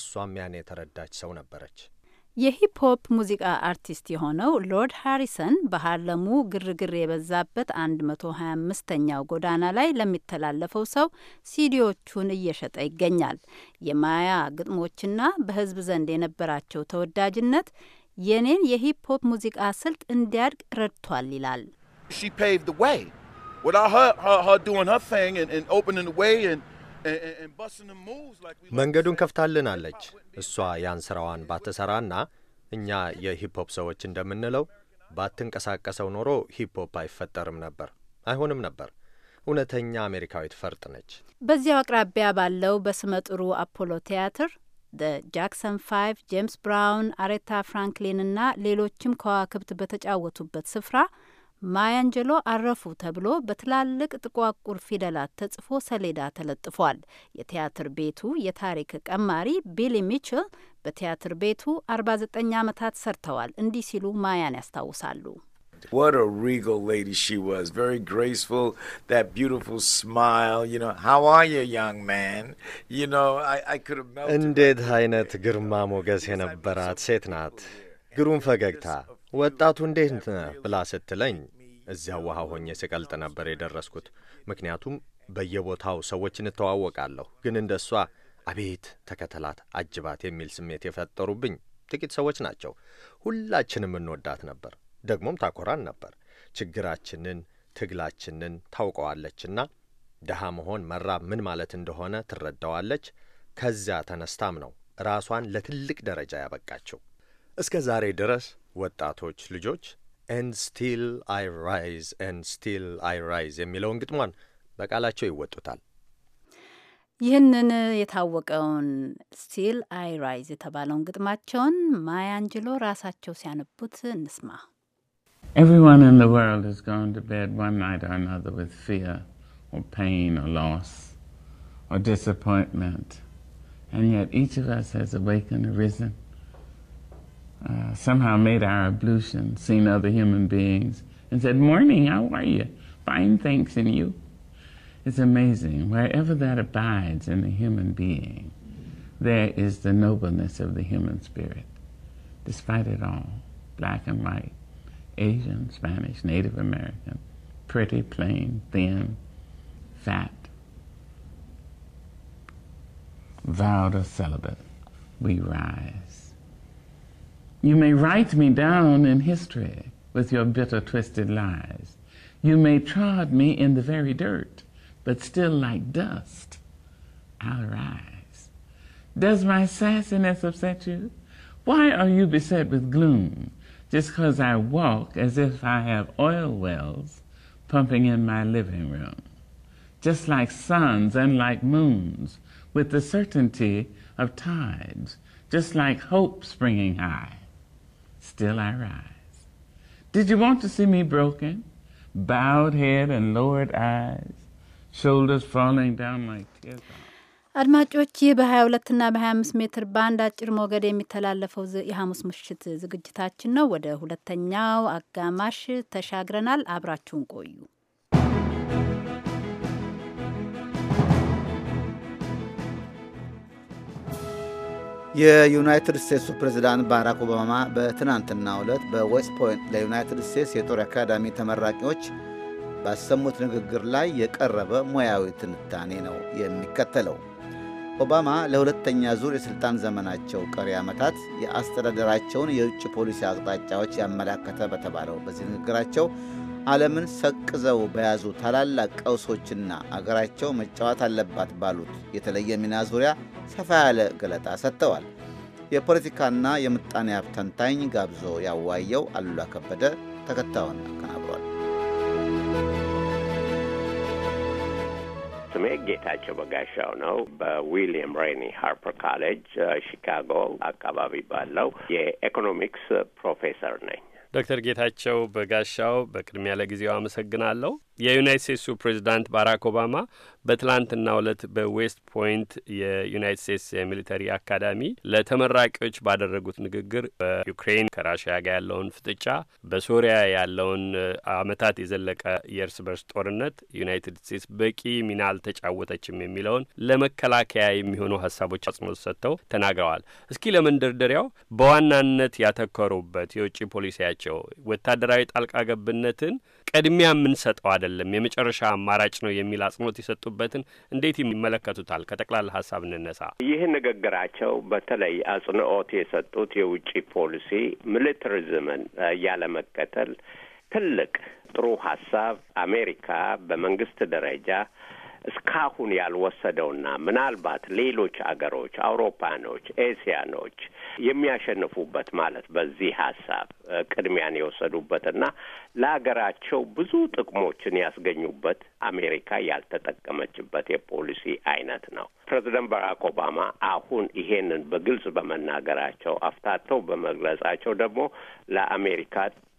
እሷም ያን የተረዳች ሰው ነበረች። የሂፕ ሆፕ ሙዚቃ አርቲስት የሆነው ሎርድ ሃሪሰን በሃርለሙ ግርግር የበዛበት 125ኛው ጎዳና ላይ ለሚተላለፈው ሰው ሲዲዎቹን እየሸጠ ይገኛል። የማያ ግጥሞችና በህዝብ ዘንድ የነበራቸው ተወዳጅነት የኔን የሂፕ ሆፕ ሙዚቃ ስልት እንዲያድግ ረድቷል ይላል። She paved the way. Without her, her, her doing her thing and, and opening the way and መንገዱን ከፍታልናለች። እሷ ያን ስራዋን ባትሰራና እኛ የሂፕሆፕ ሰዎች እንደምንለው ባትንቀሳቀሰው ኖሮ ሂፕሆፕ አይፈጠርም ነበር፣ አይሆንም ነበር። እውነተኛ አሜሪካዊት ፈርጥ ነች። በዚያው አቅራቢያ ባለው በስመጥሩ አፖሎ ቲያትር ጃክሰን ፋይቭ፣ ጄምስ ብራውን፣ አሬታ ፍራንክሊን እና ሌሎችም ከዋክብት በተጫወቱበት ስፍራ ማያንጀሎ አረፉ ተብሎ በትላልቅ ጥቋቁር ፊደላት ተጽፎ ሰሌዳ ተለጥፏል። የቲያትር ቤቱ የታሪክ ቀማሪ ቢሊ ሚችል በቲያትር ቤቱ 49 ዓመታት ሰርተዋል። እንዲህ ሲሉ ማያን ያስታውሳሉ። What a regal lady she was. Very graceful, that beautiful smile. You know, how are you, young man? You know, I, I could have melted. እንዴት አይነት ግርማ ሞገስ የነበራት ሴት ናት! ግሩም ፈገግታ ወጣቱ እንዴት ነህ ብላ ስትለኝ እዚያ ውሃ ሆኜ ስቀልጥ ነበር የደረስኩት። ምክንያቱም በየቦታው ሰዎች እንተዋወቃለሁ፣ ግን እንደ እሷ አቤት ተከተላት፣ አጅባት የሚል ስሜት የፈጠሩብኝ ጥቂት ሰዎች ናቸው። ሁላችንም እንወዳት ነበር፣ ደግሞም ታኮራን ነበር። ችግራችንን፣ ትግላችንን ታውቀዋለችና ድሃ መሆን መራብ ምን ማለት እንደሆነ ትረዳዋለች። ከዚያ ተነስታም ነው ራሷን ለትልቅ ደረጃ ያበቃችው እስከ ዛሬ ድረስ ወጣቶች ልጆች ኤንድ ስቲል አይ ራይዝ ኤንድ ስቲል አይ ራይዝ የሚለውን ግጥሟን በቃላቸው ይወጡታል። ይህንን የታወቀውን ስቲል አይ ራይዝ የተባለውን ግጥማቸውን ማያ አንጅሎ ራሳቸው ሲያነቡት እንስማ። Everyone in the world has gone to bed one night or another with fear or pain or loss or disappointment. And yet each of us has awakened, arisen, uh, somehow made our ablution, seen other human beings, and said, Morning, how are you? Fine, thanks, and you? It's amazing. Wherever that abides in the human being, there is the nobleness of the human spirit, despite it all black and white, Asian, Spanish, Native American, pretty, plain, thin, fat, vowed or celibate, we rise. You may write me down in history with your bitter, twisted lies. You may trod me in the very dirt, but still like dust I'll rise. Does my sassiness upset you? Why are you beset with gloom just because I walk as if I have oil wells pumping in my living room? Just like suns and like moons, with the certainty of tides, just like hope springing high. still I rise. Did you want to see me broken? Bowed head and lowered eyes, shoulders falling down like tears. አድማጮች ይህ በ22 ና በ25 ሜትር ባንድ አጭር ሞገድ የሚተላለፈው የሐሙስ ምሽት ዝግጅታችን ነው። ወደ ሁለተኛው አጋማሽ ተሻግረናል። አብራችሁን ቆዩ። የዩናይትድ ስቴትሱ ፕሬዝዳንት ባራክ ኦባማ በትናንትናው ዕለት በዌስት ፖይንት ለዩናይትድ ስቴትስ የጦር አካዳሚ ተመራቂዎች ባሰሙት ንግግር ላይ የቀረበ ሙያዊ ትንታኔ ነው የሚከተለው። ኦባማ ለሁለተኛ ዙር የሥልጣን ዘመናቸው ቀሪ ዓመታት የአስተዳደራቸውን የውጭ ፖሊሲ አቅጣጫዎች ያመላከተ በተባለው በዚህ ንግግራቸው ዓለምን ሰቅዘው በያዙ ታላላቅ ቀውሶችና አገራቸው መጫወት አለባት ባሉት የተለየ ሚና ዙሪያ ሰፋ ያለ ገለጣ ሰጥተዋል። የፖለቲካና የምጣኔ ሀብት ተንታኝ ጋብዞ ያዋየው አሉላ ከበደ ተከታዩን አከናብሯል። ስሜ ጌታቸው በጋሻው ነው። በዊሊያም ሬኒ ሃርፐር ካሌጅ ሺካጎ አካባቢ ባለው የኢኮኖሚክስ ፕሮፌሰር ነኝ። ዶክተር ጌታቸው በጋሻው በቅድሚያ ለጊዜው አመሰግናለሁ። የዩናይት ስቴትሱ ፕሬዚዳንት ባራክ ኦባማ በትላንትናው ዕለት በዌስት ፖይንት የዩናይት ስቴትስ የሚሊተሪ አካዳሚ ለተመራቂዎች ባደረጉት ንግግር በዩክሬን ከራሽያ ጋር ያለውን ፍጥጫ፣ በሶሪያ ያለውን አመታት የዘለቀ የእርስ በርስ ጦርነት ዩናይትድ ስቴትስ በቂ ሚና አልተጫወተችም የሚለውን ለመከላከያ የሚሆኑ ሀሳቦች አጽንኦት ሰጥተው ተናግረዋል። እስኪ ለመንደርደሪያው በዋናነት ያተኮሩበት የውጭ ፖሊሲያቸው ወታደራዊ ጣልቃ ገብነትን ቅድሚያ የምንሰጠው አይደለም፣ የመጨረሻ አማራጭ ነው የሚል አጽንኦት የሰጡበትን እንዴት ይመለከቱታል? ከጠቅላላ ሀሳብ እንነሳ። ይህ ንግግራቸው በተለይ አጽንኦት የሰጡት የውጭ ፖሊሲ ሚሊትሪዝምን ያለመከተል ትልቅ ጥሩ ሀሳብ አሜሪካ በመንግስት ደረጃ እስካሁን ያልወሰደውና ምናልባት ሌሎች አገሮች አውሮፓኖች፣ ኤስያኖች የሚያሸንፉበት ማለት በዚህ ሀሳብ ቅድሚያን የወሰዱበትና ለሀገራቸው ብዙ ጥቅሞችን ያስገኙበት አሜሪካ ያልተጠቀመችበት የፖሊሲ አይነት ነው። ፕሬዚደንት ባራክ ኦባማ አሁን ይሄንን በግልጽ በመናገራቸው አፍታተው በመግለጻቸው ደግሞ ለአሜሪካ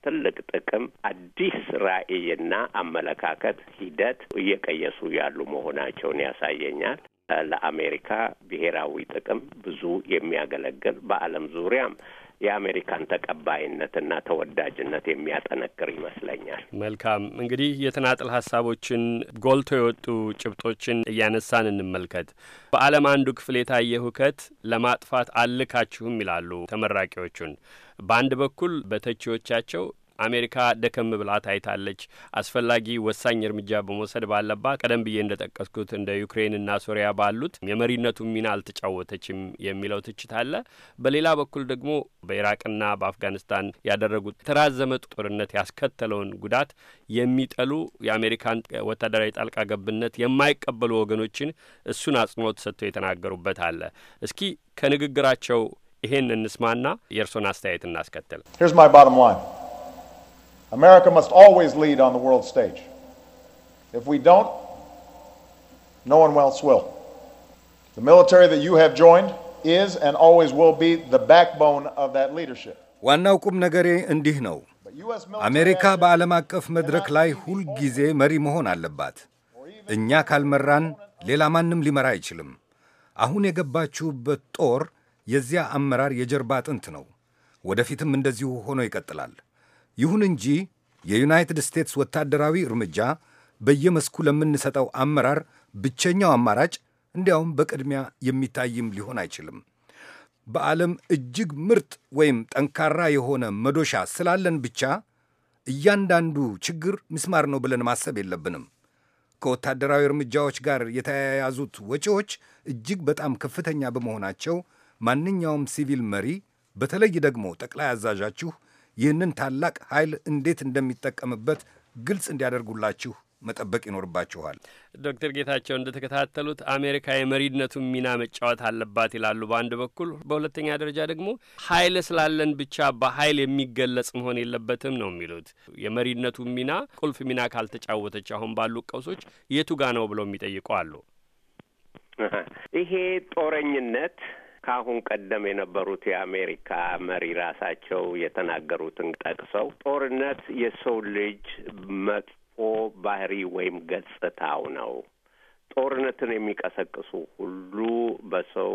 ትልቅ ጥቅም አዲስ ራዕይና አመለካከት ሂደት እየቀየሱ ያሉ መሆናቸውን ያሳየኛል። ለአሜሪካ ብሔራዊ ጥቅም ብዙ የሚያገለግል በዓለም ዙሪያም የአሜሪካን ተቀባይነትና ተወዳጅነት የሚያጠነክር ይመስለኛል። መልካም እንግዲህ የተናጥል ሀሳቦችን ጎልቶ የወጡ ጭብጦችን እያነሳን እንመልከት። በዓለም አንዱ ክፍል የታየ ሁከት ለማጥፋት አልካችሁም ይላሉ ተመራቂዎቹን በአንድ በኩል በተቺዎቻቸው አሜሪካ ደከም ብላ ታይታለች፣ አስፈላጊ ወሳኝ እርምጃ በመውሰድ ባለባት ቀደም ብዬ እንደ ጠቀስኩት እንደ ዩክሬንና ሶሪያ ባሉት የመሪነቱ ሚና አልተጫወተችም የሚለው ትችት አለ። በሌላ በኩል ደግሞ በኢራቅና በአፍጋኒስታን ያደረጉት የተራዘመ ጦርነት ያስከተለውን ጉዳት የሚጠሉ የአሜሪካን ወታደራዊ ጣልቃ ገብነት የማይቀበሉ ወገኖችን እሱን አጽንኦት ሰጥቶ የተናገሩበት አለ። እስኪ ከንግግራቸው ይሄን እንስማና የእርሶን አስተያየት እናስከትል። Here's my bottom line. America must always lead on the world stage. If we don't, no one else will. The military that you have joined is and always will be the backbone of that leadership. ዋናው ቁም ነገሬ እንዲህ ነው። አሜሪካ በዓለም አቀፍ መድረክ ላይ ሁልጊዜ መሪ መሆን አለባት። እኛ ካልመራን ሌላ ማንም ሊመራ አይችልም። አሁን የገባችሁበት ጦር የዚያ አመራር የጀርባ አጥንት ነው። ወደፊትም እንደዚሁ ሆኖ ይቀጥላል። ይሁን እንጂ የዩናይትድ ስቴትስ ወታደራዊ እርምጃ በየመስኩ ለምንሰጠው አመራር ብቸኛው አማራጭ እንዲያውም በቅድሚያ የሚታይም ሊሆን አይችልም። በዓለም እጅግ ምርጥ ወይም ጠንካራ የሆነ መዶሻ ስላለን ብቻ እያንዳንዱ ችግር ምስማር ነው ብለን ማሰብ የለብንም። ከወታደራዊ እርምጃዎች ጋር የተያያዙት ወጪዎች እጅግ በጣም ከፍተኛ በመሆናቸው ማንኛውም ሲቪል መሪ በተለይ ደግሞ ጠቅላይ አዛዣችሁ ይህንን ታላቅ ኃይል እንዴት እንደሚጠቀምበት ግልጽ እንዲያደርጉላችሁ መጠበቅ ይኖርባችኋል። ዶክተር ጌታቸው እንደተከታተሉት አሜሪካ የመሪነቱን ሚና መጫወት አለባት ይላሉ በአንድ በኩል፣ በሁለተኛ ደረጃ ደግሞ ኃይል ስላለን ብቻ በኃይል የሚገለጽ መሆን የለበትም ነው የሚሉት። የመሪነቱ ሚና ቁልፍ ሚና ካልተጫወተች አሁን ባሉ ቀውሶች የቱ ጋ ነው ብለው የሚጠይቁ አሉ። ይሄ ጦረኝነት ከአሁን ቀደም የነበሩት የአሜሪካ መሪ ራሳቸው የተናገሩትን ጠቅሰው ጦርነት የሰው ልጅ መጥፎ ባህሪ ወይም ገጽታው ነው። ጦርነትን የሚቀሰቅሱ ሁሉ በሰው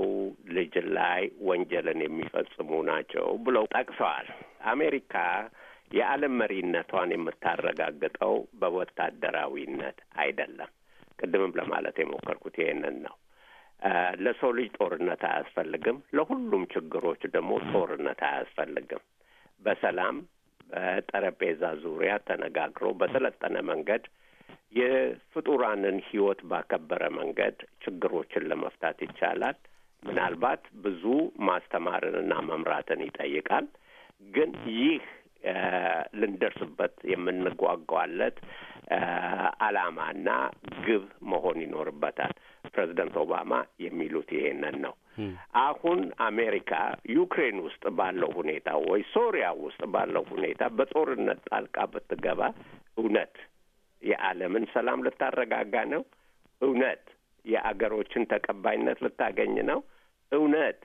ልጅ ላይ ወንጀልን የሚፈጽሙ ናቸው ብለው ጠቅሰዋል። አሜሪካ የዓለም መሪነቷን የምታረጋግጠው በወታደራዊነት አይደለም። ቅድምም ለማለት የሞከርኩት ይህንን ነው። ለሰው ልጅ ጦርነት አያስፈልግም። ለሁሉም ችግሮች ደግሞ ጦርነት አያስፈልግም። በሰላም በጠረጴዛ ዙሪያ ተነጋግሮ በሰለጠነ መንገድ የፍጡራንን ሕይወት ባከበረ መንገድ ችግሮችን ለመፍታት ይቻላል። ምናልባት ብዙ ማስተማርንና መምራትን ይጠይቃል። ግን ይህ ልንደርስበት የምንጓጓለት ዓላማና ግብ መሆን ይኖርበታል። ፕሬዚደንት ኦባማ የሚሉት ይሄንን ነው። hmm. አሁን አሜሪካ ዩክሬን ውስጥ ባለው ሁኔታ ወይ ሶሪያ ውስጥ ባለው ሁኔታ በጦርነት ጣልቃ ብትገባ እውነት የዓለምን ሰላም ልታረጋጋ ነው? እውነት የአገሮችን ተቀባይነት ልታገኝ ነው? እውነት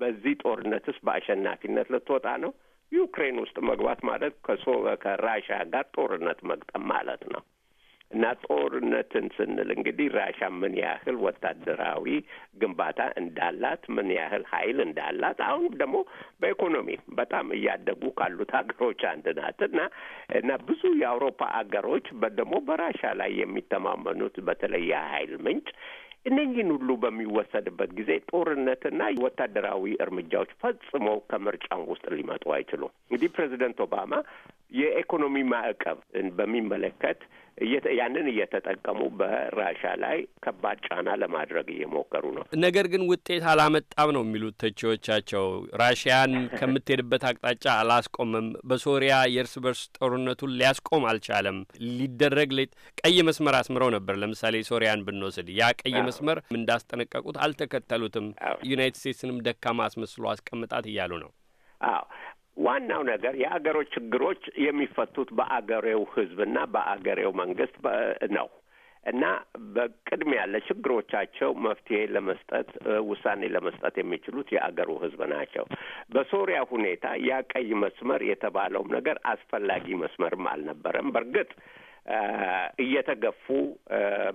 በዚህ ጦርነትስ በአሸናፊነት ልትወጣ ነው? ዩክሬን ውስጥ መግባት ማለት ከሶ ከራሻ ጋር ጦርነት መግጠም ማለት ነው። እና ጦርነትን ስንል እንግዲህ ራሻ ምን ያህል ወታደራዊ ግንባታ እንዳላት፣ ምን ያህል ኃይል እንዳላት፣ አሁን ደግሞ በኢኮኖሚ በጣም እያደጉ ካሉት ሀገሮች አንድ ናት እና እና ብዙ የአውሮፓ ሀገሮች ደግሞ በራሻ ላይ የሚተማመኑት በተለይ የኃይል ምንጭ እነዚህን ሁሉ በሚወሰድበት ጊዜ ጦርነትና ወታደራዊ እርምጃዎች ፈጽሞ ከምርጫው ውስጥ ሊመጡ አይችሉም። እንግዲህ ፕሬዚደንት ኦባማ የኢኮኖሚ ማዕቀብ በሚመለከት ያንን እየተጠቀሙ በራሻ ላይ ከባድ ጫና ለማድረግ እየሞከሩ ነው። ነገር ግን ውጤት አላመጣም ነው የሚሉት ተቺዎቻቸው። ራሽያን ከምትሄድበት አቅጣጫ አላስቆምም። በሶሪያ የእርስ በርስ ጦርነቱን ሊያስቆም አልቻለም። ሊደረግ ቀይ መስመር አስምረው ነበር። ለምሳሌ ሶሪያን ብንወስድ ያ ቀይ መስመር እንዳስጠነቀቁት አልተከተሉትም። ዩናይትድ ስቴትስንም ደካማ አስመስሎ አስቀምጣት እያሉ ነው። አዎ ዋናው ነገር የአገሮች ችግሮች የሚፈቱት በአገሬው ና በአገሬው መንግስት ነው እና በቅድሚያ ለችግሮቻቸው መፍትሄ ለመስጠት ውሳኔ ለመስጠት የሚችሉት የአገሩ ህዝብ ናቸው። በሶሪያ ሁኔታ ያ ቀይ መስመር የተባለውም ነገር አስፈላጊ መስመርም አልነበረም። በእርግጥ እየተገፉ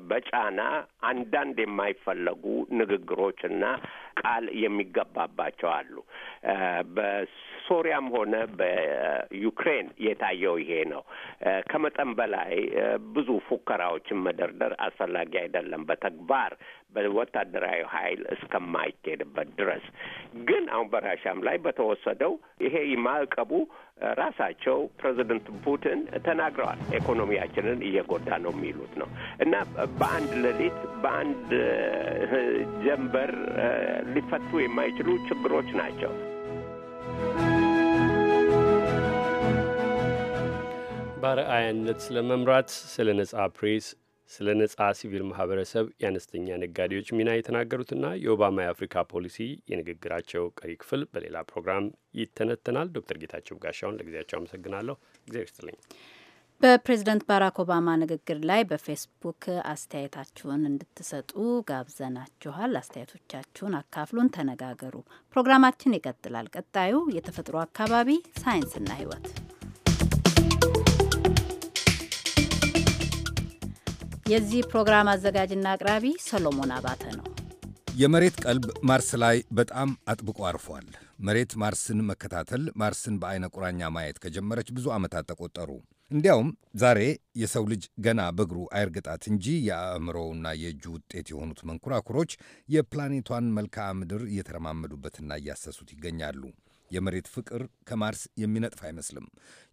በጫና አንዳንድ የማይፈለጉ ንግግሮች እና ቃል የሚገባባቸው አሉ። በሶሪያም ሆነ በዩክሬን የታየው ይሄ ነው። ከመጠን በላይ ብዙ ፉከራዎችን መደርደር አስፈላጊ አይደለም፣ በተግባር በወታደራዊ ኃይል እስከማይኬድበት ድረስ ግን አሁን በራሻም ላይ በተወሰደው ይሄ ማዕቀቡ ራሳቸው ፕሬዚደንት ፑቲን ተናግረዋል። ኢኮኖሚያችንን እየጎዳ ነው የሚሉት ነው እና በአንድ ሌሊት በአንድ ጀንበር ሊፈቱ የማይችሉ ችግሮች ናቸው። ባረአያነት ስለ መምራት፣ ስለ ነጻ ፕሬስ፣ ስለ ነጻ ሲቪል ማህበረሰብ፣ የአነስተኛ ነጋዴዎች ሚና የተናገሩትና የኦባማ የአፍሪካ ፖሊሲ የንግግራቸው ቀሪ ክፍል በሌላ ፕሮግራም ይተነተናል። ዶክተር ጌታቸው ጋሻውን ለጊዜያቸው አመሰግናለሁ። ጊዜ ውስጥልኝ በፕሬዝደንት ባራክ ኦባማ ንግግር ላይ በፌስቡክ አስተያየታችሁን እንድትሰጡ ጋብዘናችኋል። አስተያየቶቻችሁን አካፍሉን፣ ተነጋገሩ። ፕሮግራማችን ይቀጥላል። ቀጣዩ የተፈጥሮ አካባቢ ሳይንስና ሕይወት የዚህ ፕሮግራም አዘጋጅና አቅራቢ ሰሎሞን አባተ ነው። የመሬት ቀልብ ማርስ ላይ በጣም አጥብቆ አርፏል። መሬት ማርስን መከታተል ማርስን በአይነ ቁራኛ ማየት ከጀመረች ብዙ ዓመታት ተቆጠሩ። እንዲያውም ዛሬ የሰው ልጅ ገና በእግሩ አይርግጣት እንጂ የአእምሮውና የእጁ ውጤት የሆኑት መንኮራኩሮች የፕላኔቷን መልክዓ ምድር እየተረማመዱበትና እያሰሱት ይገኛሉ። የመሬት ፍቅር ከማርስ የሚነጥፍ አይመስልም።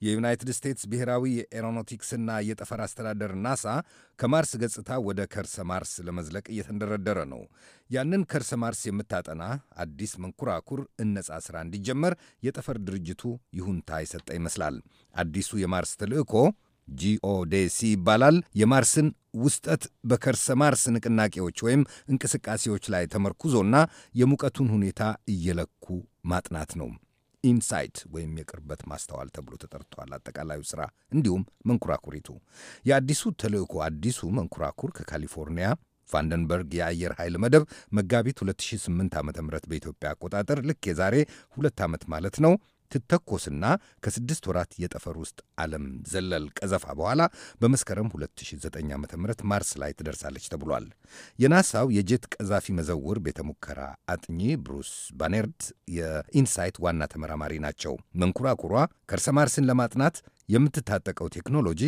የዩናይትድ ስቴትስ ብሔራዊ የኤሮኖቲክስና የጠፈር አስተዳደር ናሳ ከማርስ ገጽታ ወደ ከርሰ ማርስ ለመዝለቅ እየተንደረደረ ነው። ያንን ከርሰ ማርስ የምታጠና አዲስ መንኩራኩር እነጻ ሥራ እንዲጀመር የጠፈር ድርጅቱ ይሁንታ የሰጠ ይመስላል። አዲሱ የማርስ ተልዕኮ ጂኦዴሲ ይባላል። የማርስን ውስጠት በከርሰ ማርስ ንቅናቄዎች ወይም እንቅስቃሴዎች ላይ ተመርኩዞና የሙቀቱን ሁኔታ እየለኩ ማጥናት ነው። ኢንሳይት ወይም የቅርበት ማስተዋል ተብሎ ተጠርቷል። አጠቃላዩ ስራ እንዲሁም መንኮራኩሪቱ የአዲሱ ተልእኮ አዲሱ መንኮራኩር ከካሊፎርኒያ ቫንደንበርግ የአየር ኃይል መደብ መጋቢት 2008 ዓ ም በኢትዮጵያ አቆጣጠር ልክ የዛሬ ሁለት ዓመት ማለት ነው ትተኮስና ከስድስት ወራት የጠፈር ውስጥ ዓለም ዘለል ቀዘፋ በኋላ በመስከረም 2009 ዓ ም ማርስ ላይ ትደርሳለች ተብሏል። የናሳው የጄት ቀዛፊ መዘውር ቤተ ሙከራ አጥኚ ብሩስ ባኔርድ የኢንሳይት ዋና ተመራማሪ ናቸው። መንኩራኩሯ ከርሰ ማርስን ለማጥናት የምትታጠቀው ቴክኖሎጂ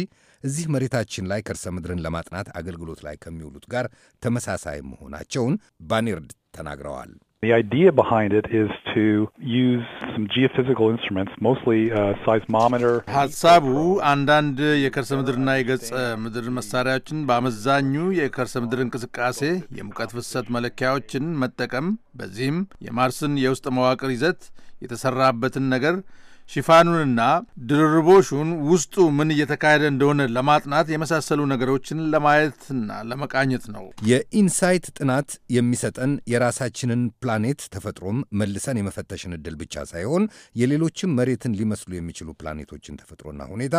እዚህ መሬታችን ላይ ከርሰ ምድርን ለማጥናት አገልግሎት ላይ ከሚውሉት ጋር ተመሳሳይ መሆናቸውን ባኔርድ ተናግረዋል። The idea behind it is to use some geophysical instruments, mostly seismometer. ሀሳቡ አንዳንድ የከርሰ ምድርና የገጸ ምድር መሳሪያዎችን በአመዛኙ የከርሰ ምድር እንቅስቃሴ የሙቀት ፍሰት መለኪያዎችን መጠቀም፣ በዚህም የማርስን የውስጥ መዋቅር ይዘት የተሰራበትን ነገር ሽፋኑንና ድርርቦሹን ውስጡ ምን እየተካሄደ እንደሆነ ለማጥናት የመሳሰሉ ነገሮችን ለማየትና ለመቃኘት ነው። የኢንሳይት ጥናት የሚሰጠን የራሳችንን ፕላኔት ተፈጥሮም መልሰን የመፈተሽን እድል ብቻ ሳይሆን የሌሎችም መሬትን ሊመስሉ የሚችሉ ፕላኔቶችን ተፈጥሮና ሁኔታ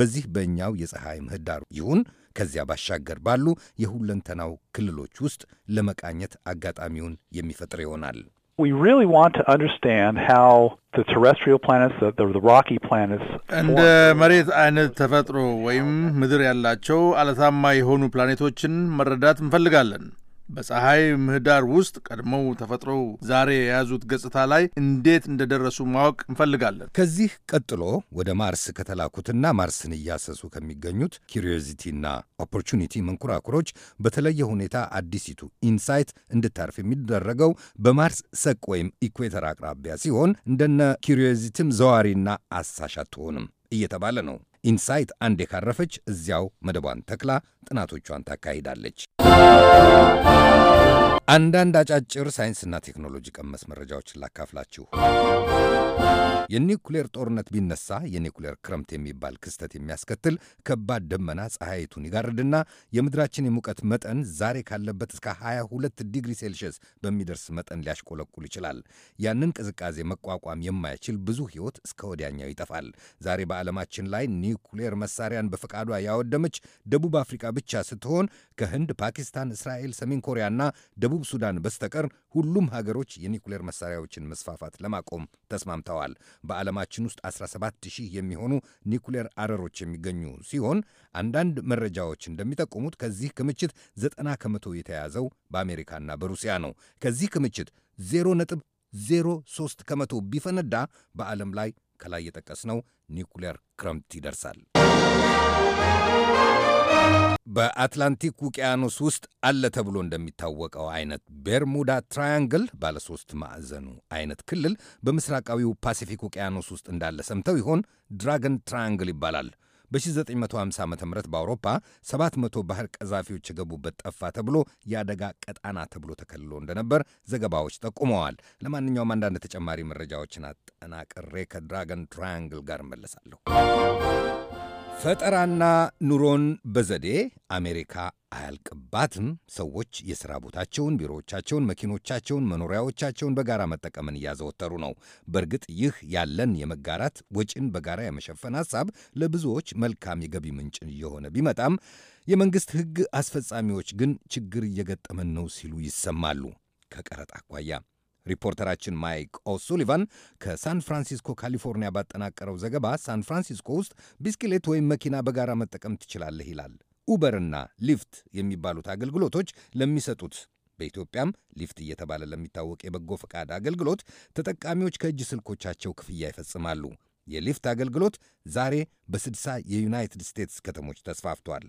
በዚህ በእኛው የፀሐይ ምህዳሩ ይሁን ከዚያ ባሻገር ባሉ የሁለንተናው ክልሎች ውስጥ ለመቃኘት አጋጣሚውን የሚፈጥር ይሆናል። we really want to understand how the terrestrial planets, the, the, the rocky planets. And uh, መሬት አይነት ተፈጥሮ ወይም ምድር ያላቸው አለታማ honu planetochin መረዳት እንፈልጋለን። በፀሐይ ምህዳር ውስጥ ቀድሞው ተፈጥሮ ዛሬ የያዙት ገጽታ ላይ እንዴት እንደደረሱ ማወቅ እንፈልጋለን። ከዚህ ቀጥሎ ወደ ማርስ ከተላኩትና ማርስን እያሰሱ ከሚገኙት ኪሪዮዚቲና ኦፖርቹኒቲ መንኮራኩሮች በተለየ ሁኔታ አዲሲቱ ኢንሳይት እንድታርፍ የሚደረገው በማርስ ሰቅ ወይም ኢኩዌተር አቅራቢያ ሲሆን እንደነ ኪሪዮዚቲም ዘዋሪና አሳሽ አትሆንም እየተባለ ነው። ኢንሳይት አንዴ ካረፈች እዚያው መደቧን ተክላ ጥናቶቿን ታካሂዳለች። Música አንዳንድ አጫጭር ሳይንስና ቴክኖሎጂ ቀመስ መረጃዎችን ላካፍላችሁ። የኒውክሌር ጦርነት ቢነሳ የኒውክሌር ክረምት የሚባል ክስተት የሚያስከትል ከባድ ደመና ፀሐይቱን ይጋርድና የምድራችን የሙቀት መጠን ዛሬ ካለበት እስከ 22 ዲግሪ ሴልሺየስ በሚደርስ መጠን ሊያሽቆለቁል ይችላል። ያንን ቅዝቃዜ መቋቋም የማይችል ብዙ ሕይወት እስከ ወዲያኛው ይጠፋል። ዛሬ በዓለማችን ላይ ኒውክሌር መሳሪያን በፈቃዷ ያወደመች ደቡብ አፍሪካ ብቻ ስትሆን ከህንድ፣ ፓኪስታን፣ እስራኤል፣ ሰሜን ኮሪያና ደቡብ ከደቡብ ሱዳን በስተቀር ሁሉም ሀገሮች የኒኩሌር መሳሪያዎችን መስፋፋት ለማቆም ተስማምተዋል። በዓለማችን ውስጥ 17 ሺህ የሚሆኑ ኒኩሌር አረሮች የሚገኙ ሲሆን አንዳንድ መረጃዎች እንደሚጠቁሙት ከዚህ ክምችት 90 ከመቶ የተያዘው በአሜሪካና በሩሲያ ነው። ከዚህ ክምችት 0.03 ከመቶ ቢፈነዳ በዓለም ላይ ከላይ የጠቀስነው ኒኩሌር ክረምት ይደርሳል። በአትላንቲክ ውቅያኖስ ውስጥ አለ ተብሎ እንደሚታወቀው አይነት ቤርሙዳ ትራያንግል ባለሶስት ማዕዘኑ አይነት ክልል በምስራቃዊው ፓሲፊክ ውቅያኖስ ውስጥ እንዳለ ሰምተው ይሆን? ድራገን ትራያንግል ይባላል። በ1950 ዓ ም በአውሮፓ 700 ባህር ቀዛፊዎች የገቡበት ጠፋ ተብሎ የአደጋ ቀጣና ተብሎ ተከልሎ እንደነበር ዘገባዎች ጠቁመዋል። ለማንኛውም አንዳንድ ተጨማሪ መረጃዎችን አጠናቅሬ ከድራገን ትራያንግል ጋር እመለሳለሁ። ፈጠራና ኑሮን በዘዴ አሜሪካ አያልቅባትም። ሰዎች የሥራ ቦታቸውን፣ ቢሮዎቻቸውን፣ መኪኖቻቸውን፣ መኖሪያዎቻቸውን በጋራ መጠቀምን እያዘወተሩ ነው። በእርግጥ ይህ ያለን የመጋራት ወጪን በጋራ የመሸፈን ሐሳብ ለብዙዎች መልካም የገቢ ምንጭ እየሆነ ቢመጣም የመንግሥት ሕግ አስፈጻሚዎች ግን ችግር እየገጠመን ነው ሲሉ ይሰማሉ። ከቀረጥ አኳያ ሪፖርተራችን ማይክ ኦሱሊቫን ከሳን ፍራንሲስኮ ካሊፎርኒያ ባጠናቀረው ዘገባ ሳን ፍራንሲስኮ ውስጥ ቢስክሌት ወይም መኪና በጋራ መጠቀም ትችላለህ ይላል። ኡበርና ሊፍት የሚባሉት አገልግሎቶች ለሚሰጡት በኢትዮጵያም ሊፍት እየተባለ ለሚታወቅ የበጎ ፈቃድ አገልግሎት ተጠቃሚዎች ከእጅ ስልኮቻቸው ክፍያ ይፈጽማሉ። የሊፍት አገልግሎት ዛሬ በስድሳ የዩናይትድ ስቴትስ ከተሞች ተስፋፍቷል።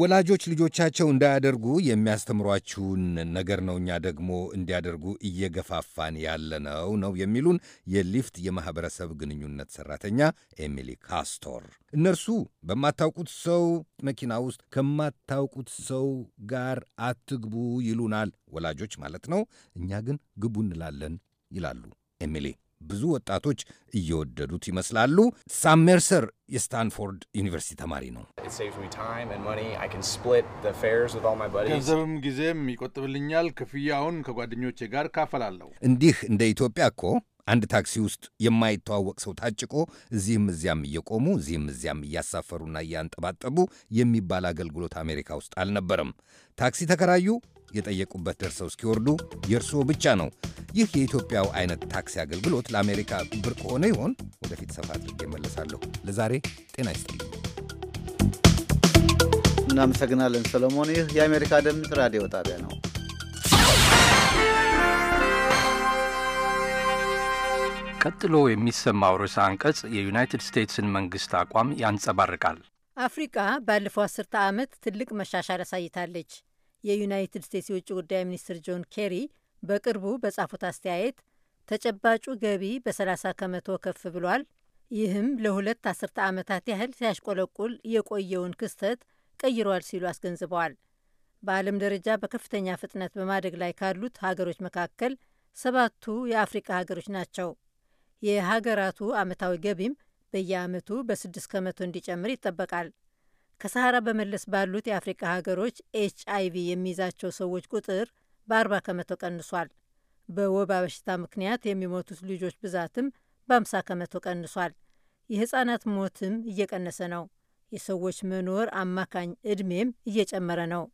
ወላጆች ልጆቻቸው እንዳያደርጉ የሚያስተምሯችሁን ነገር ነው እኛ ደግሞ እንዲያደርጉ እየገፋፋን ያለነው ነው የሚሉን የሊፍት የማኅበረሰብ ግንኙነት ሠራተኛ ኤሚሊ ካስቶር። እነርሱ በማታውቁት ሰው መኪና ውስጥ ከማታውቁት ሰው ጋር አትግቡ ይሉናል፣ ወላጆች ማለት ነው። እኛ ግን ግቡ እንላለን ይላሉ ኤሚሊ። ብዙ ወጣቶች እየወደዱት ይመስላሉ። ሳም ሜርሰር የስታንፎርድ ዩኒቨርሲቲ ተማሪ ነው። ገንዘብም ጊዜም ይቆጥብልኛል። ክፍያውን ከጓደኞቼ ጋር ካፈላለሁ። እንዲህ እንደ ኢትዮጵያ እኮ አንድ ታክሲ ውስጥ የማይተዋወቅ ሰው ታጭቆ እዚህም እዚያም እየቆሙ እዚህም እዚያም እያሳፈሩና እያንጠባጠቡ የሚባል አገልግሎት አሜሪካ ውስጥ አልነበረም። ታክሲ ተከራዩ የጠየቁበት ደርሰው እስኪወርዱ የእርስዎ ብቻ ነው። ይህ የኢትዮጵያው አይነት ታክሲ አገልግሎት ለአሜሪካ ብር ከሆነ ይሆን? ወደፊት ሰፋ አድርጌ መለሳለሁ። ለዛሬ ጤና ይስጥልኝ። እናመሰግናለን ሰለሞን። ይህ የአሜሪካ ድምፅ ራዲዮ ጣቢያ ነው። ቀጥሎ የሚሰማው ርዕሰ አንቀጽ የዩናይትድ ስቴትስን መንግሥት አቋም ያንጸባርቃል። አፍሪቃ ባለፈው አስርተ ዓመት ትልቅ መሻሻል አሳይታለች። የዩናይትድ ስቴትስ የውጭ ጉዳይ ሚኒስትር ጆን ኬሪ በቅርቡ በጻፉት አስተያየት ተጨባጩ ገቢ በ30 ከመቶ ከፍ ብሏል፣ ይህም ለሁለት አስርተ ዓመታት ያህል ሲያሽቆለቁል የቆየውን ክስተት ቀይሯል ሲሉ አስገንዝበዋል። በዓለም ደረጃ በከፍተኛ ፍጥነት በማደግ ላይ ካሉት ሀገሮች መካከል ሰባቱ የአፍሪቃ ሀገሮች ናቸው። የሀገራቱ ዓመታዊ ገቢም በየዓመቱ በስድስት ከመቶ እንዲጨምር ይጠበቃል። ከሰሃራ በመለስ ባሉት የአፍሪካ ሀገሮች ኤች አይቪ የሚይዛቸው ሰዎች ቁጥር በ40 ከመቶ ቀንሷል። በወባ በሽታ ምክንያት የሚሞቱት ልጆች ብዛትም በ ከመቶ ቀንሷል። የህፃናት ሞትም እየቀነሰ ነው። የሰዎች መኖር አማካኝ እድሜም እየጨመረ ነው።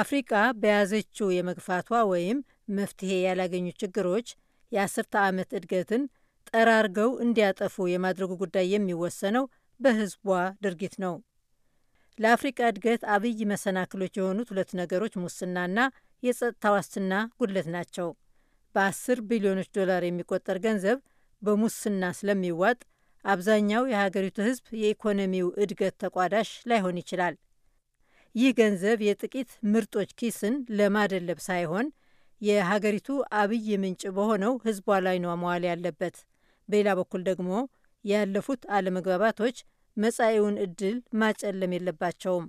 አፍሪቃ በያዘችው የመግፋቷ ወይም መፍትሄ ያላገኙ ችግሮች የአስርተ ዓመት እድገትን ጠራርገው እንዲያጠፉ የማድረጉ ጉዳይ የሚወሰነው በህዝቧ ድርጊት ነው። ለአፍሪቃ እድገት አብይ መሰናክሎች የሆኑት ሁለት ነገሮች ሙስናና የጸጥታ ዋስትና ጉድለት ናቸው። በአስር ቢሊዮኖች ዶላር የሚቆጠር ገንዘብ በሙስና ስለሚዋጥ አብዛኛው የሀገሪቱ ሕዝብ የኢኮኖሚው እድገት ተቋዳሽ ላይሆን ይችላል። ይህ ገንዘብ የጥቂት ምርጦች ኪስን ለማደለብ ሳይሆን የሀገሪቱ አብይ ምንጭ በሆነው ሕዝቧ ላይ ነው መዋል ያለበት። በሌላ በኩል ደግሞ ያለፉት አለመግባባቶች መጻኤውን እድል ማጨለም የለባቸውም።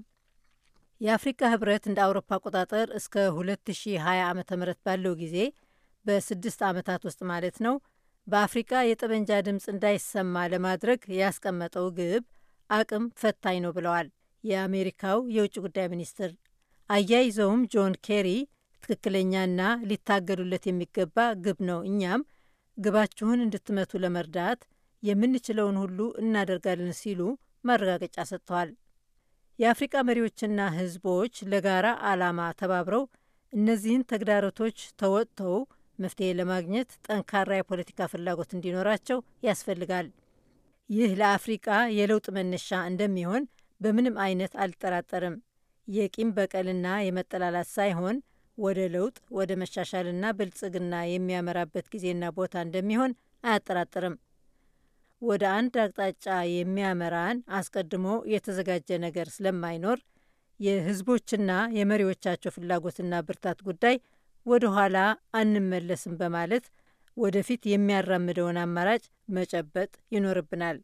የአፍሪካ ህብረት እንደ አውሮፓ አቆጣጠር እስከ 2020 ዓ ም ባለው ጊዜ በስድስት ዓመታት ውስጥ ማለት ነው በአፍሪካ የጠመንጃ ድምፅ እንዳይሰማ ለማድረግ ያስቀመጠው ግብ አቅም ፈታኝ ነው ብለዋል የአሜሪካው የውጭ ጉዳይ ሚኒስትር። አያይዘውም ጆን ኬሪ ትክክለኛና ሊታገሉለት የሚገባ ግብ ነው፣ እኛም ግባችሁን እንድትመቱ ለመርዳት የምንችለውን ሁሉ እናደርጋለን ሲሉ ማረጋገጫ ሰጥተዋል። የአፍሪቃ መሪዎችና ህዝቦች ለጋራ ዓላማ ተባብረው እነዚህን ተግዳሮቶች ተወጥተው መፍትሄ ለማግኘት ጠንካራ የፖለቲካ ፍላጎት እንዲኖራቸው ያስፈልጋል። ይህ ለአፍሪቃ የለውጥ መነሻ እንደሚሆን በምንም አይነት አልጠራጠርም። የቂም በቀልና የመጠላላት ሳይሆን ወደ ለውጥ፣ ወደ መሻሻልና ብልጽግና የሚያመራበት ጊዜና ቦታ እንደሚሆን አያጠራጥርም። ወደ አንድ አቅጣጫ የሚያመራን አስቀድሞ የተዘጋጀ ነገር ስለማይኖር የህዝቦችና የመሪዎቻቸው ፍላጎትና ብርታት ጉዳይ ወደ ኋላ አንመለስም በማለት ወደፊት የሚያራምደውን አማራጭ መጨበጥ ይኖርብናል።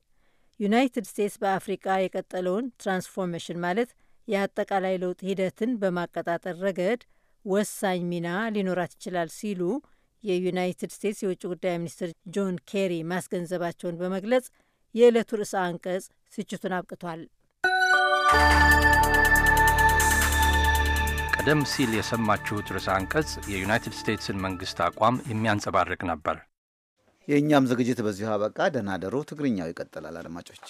ዩናይትድ ስቴትስ በአፍሪቃ የቀጠለውን ትራንስፎርሜሽን ማለት የአጠቃላይ ለውጥ ሂደትን በማቀጣጠር ረገድ ወሳኝ ሚና ሊኖራት ይችላል ሲሉ የዩናይትድ ስቴትስ የውጭ ጉዳይ ሚኒስትር ጆን ኬሪ ማስገንዘባቸውን በመግለጽ የዕለቱ ርዕሰ አንቀጽ ስችቱን አብቅቷል። ቀደም ሲል የሰማችሁት ርዕሰ አንቀጽ የዩናይትድ ስቴትስን መንግስት አቋም የሚያንጸባርቅ ነበር። የእኛም ዝግጅት በዚሁ አበቃ። ደህና ደሩ። ትግርኛው ይቀጥላል አድማጮች።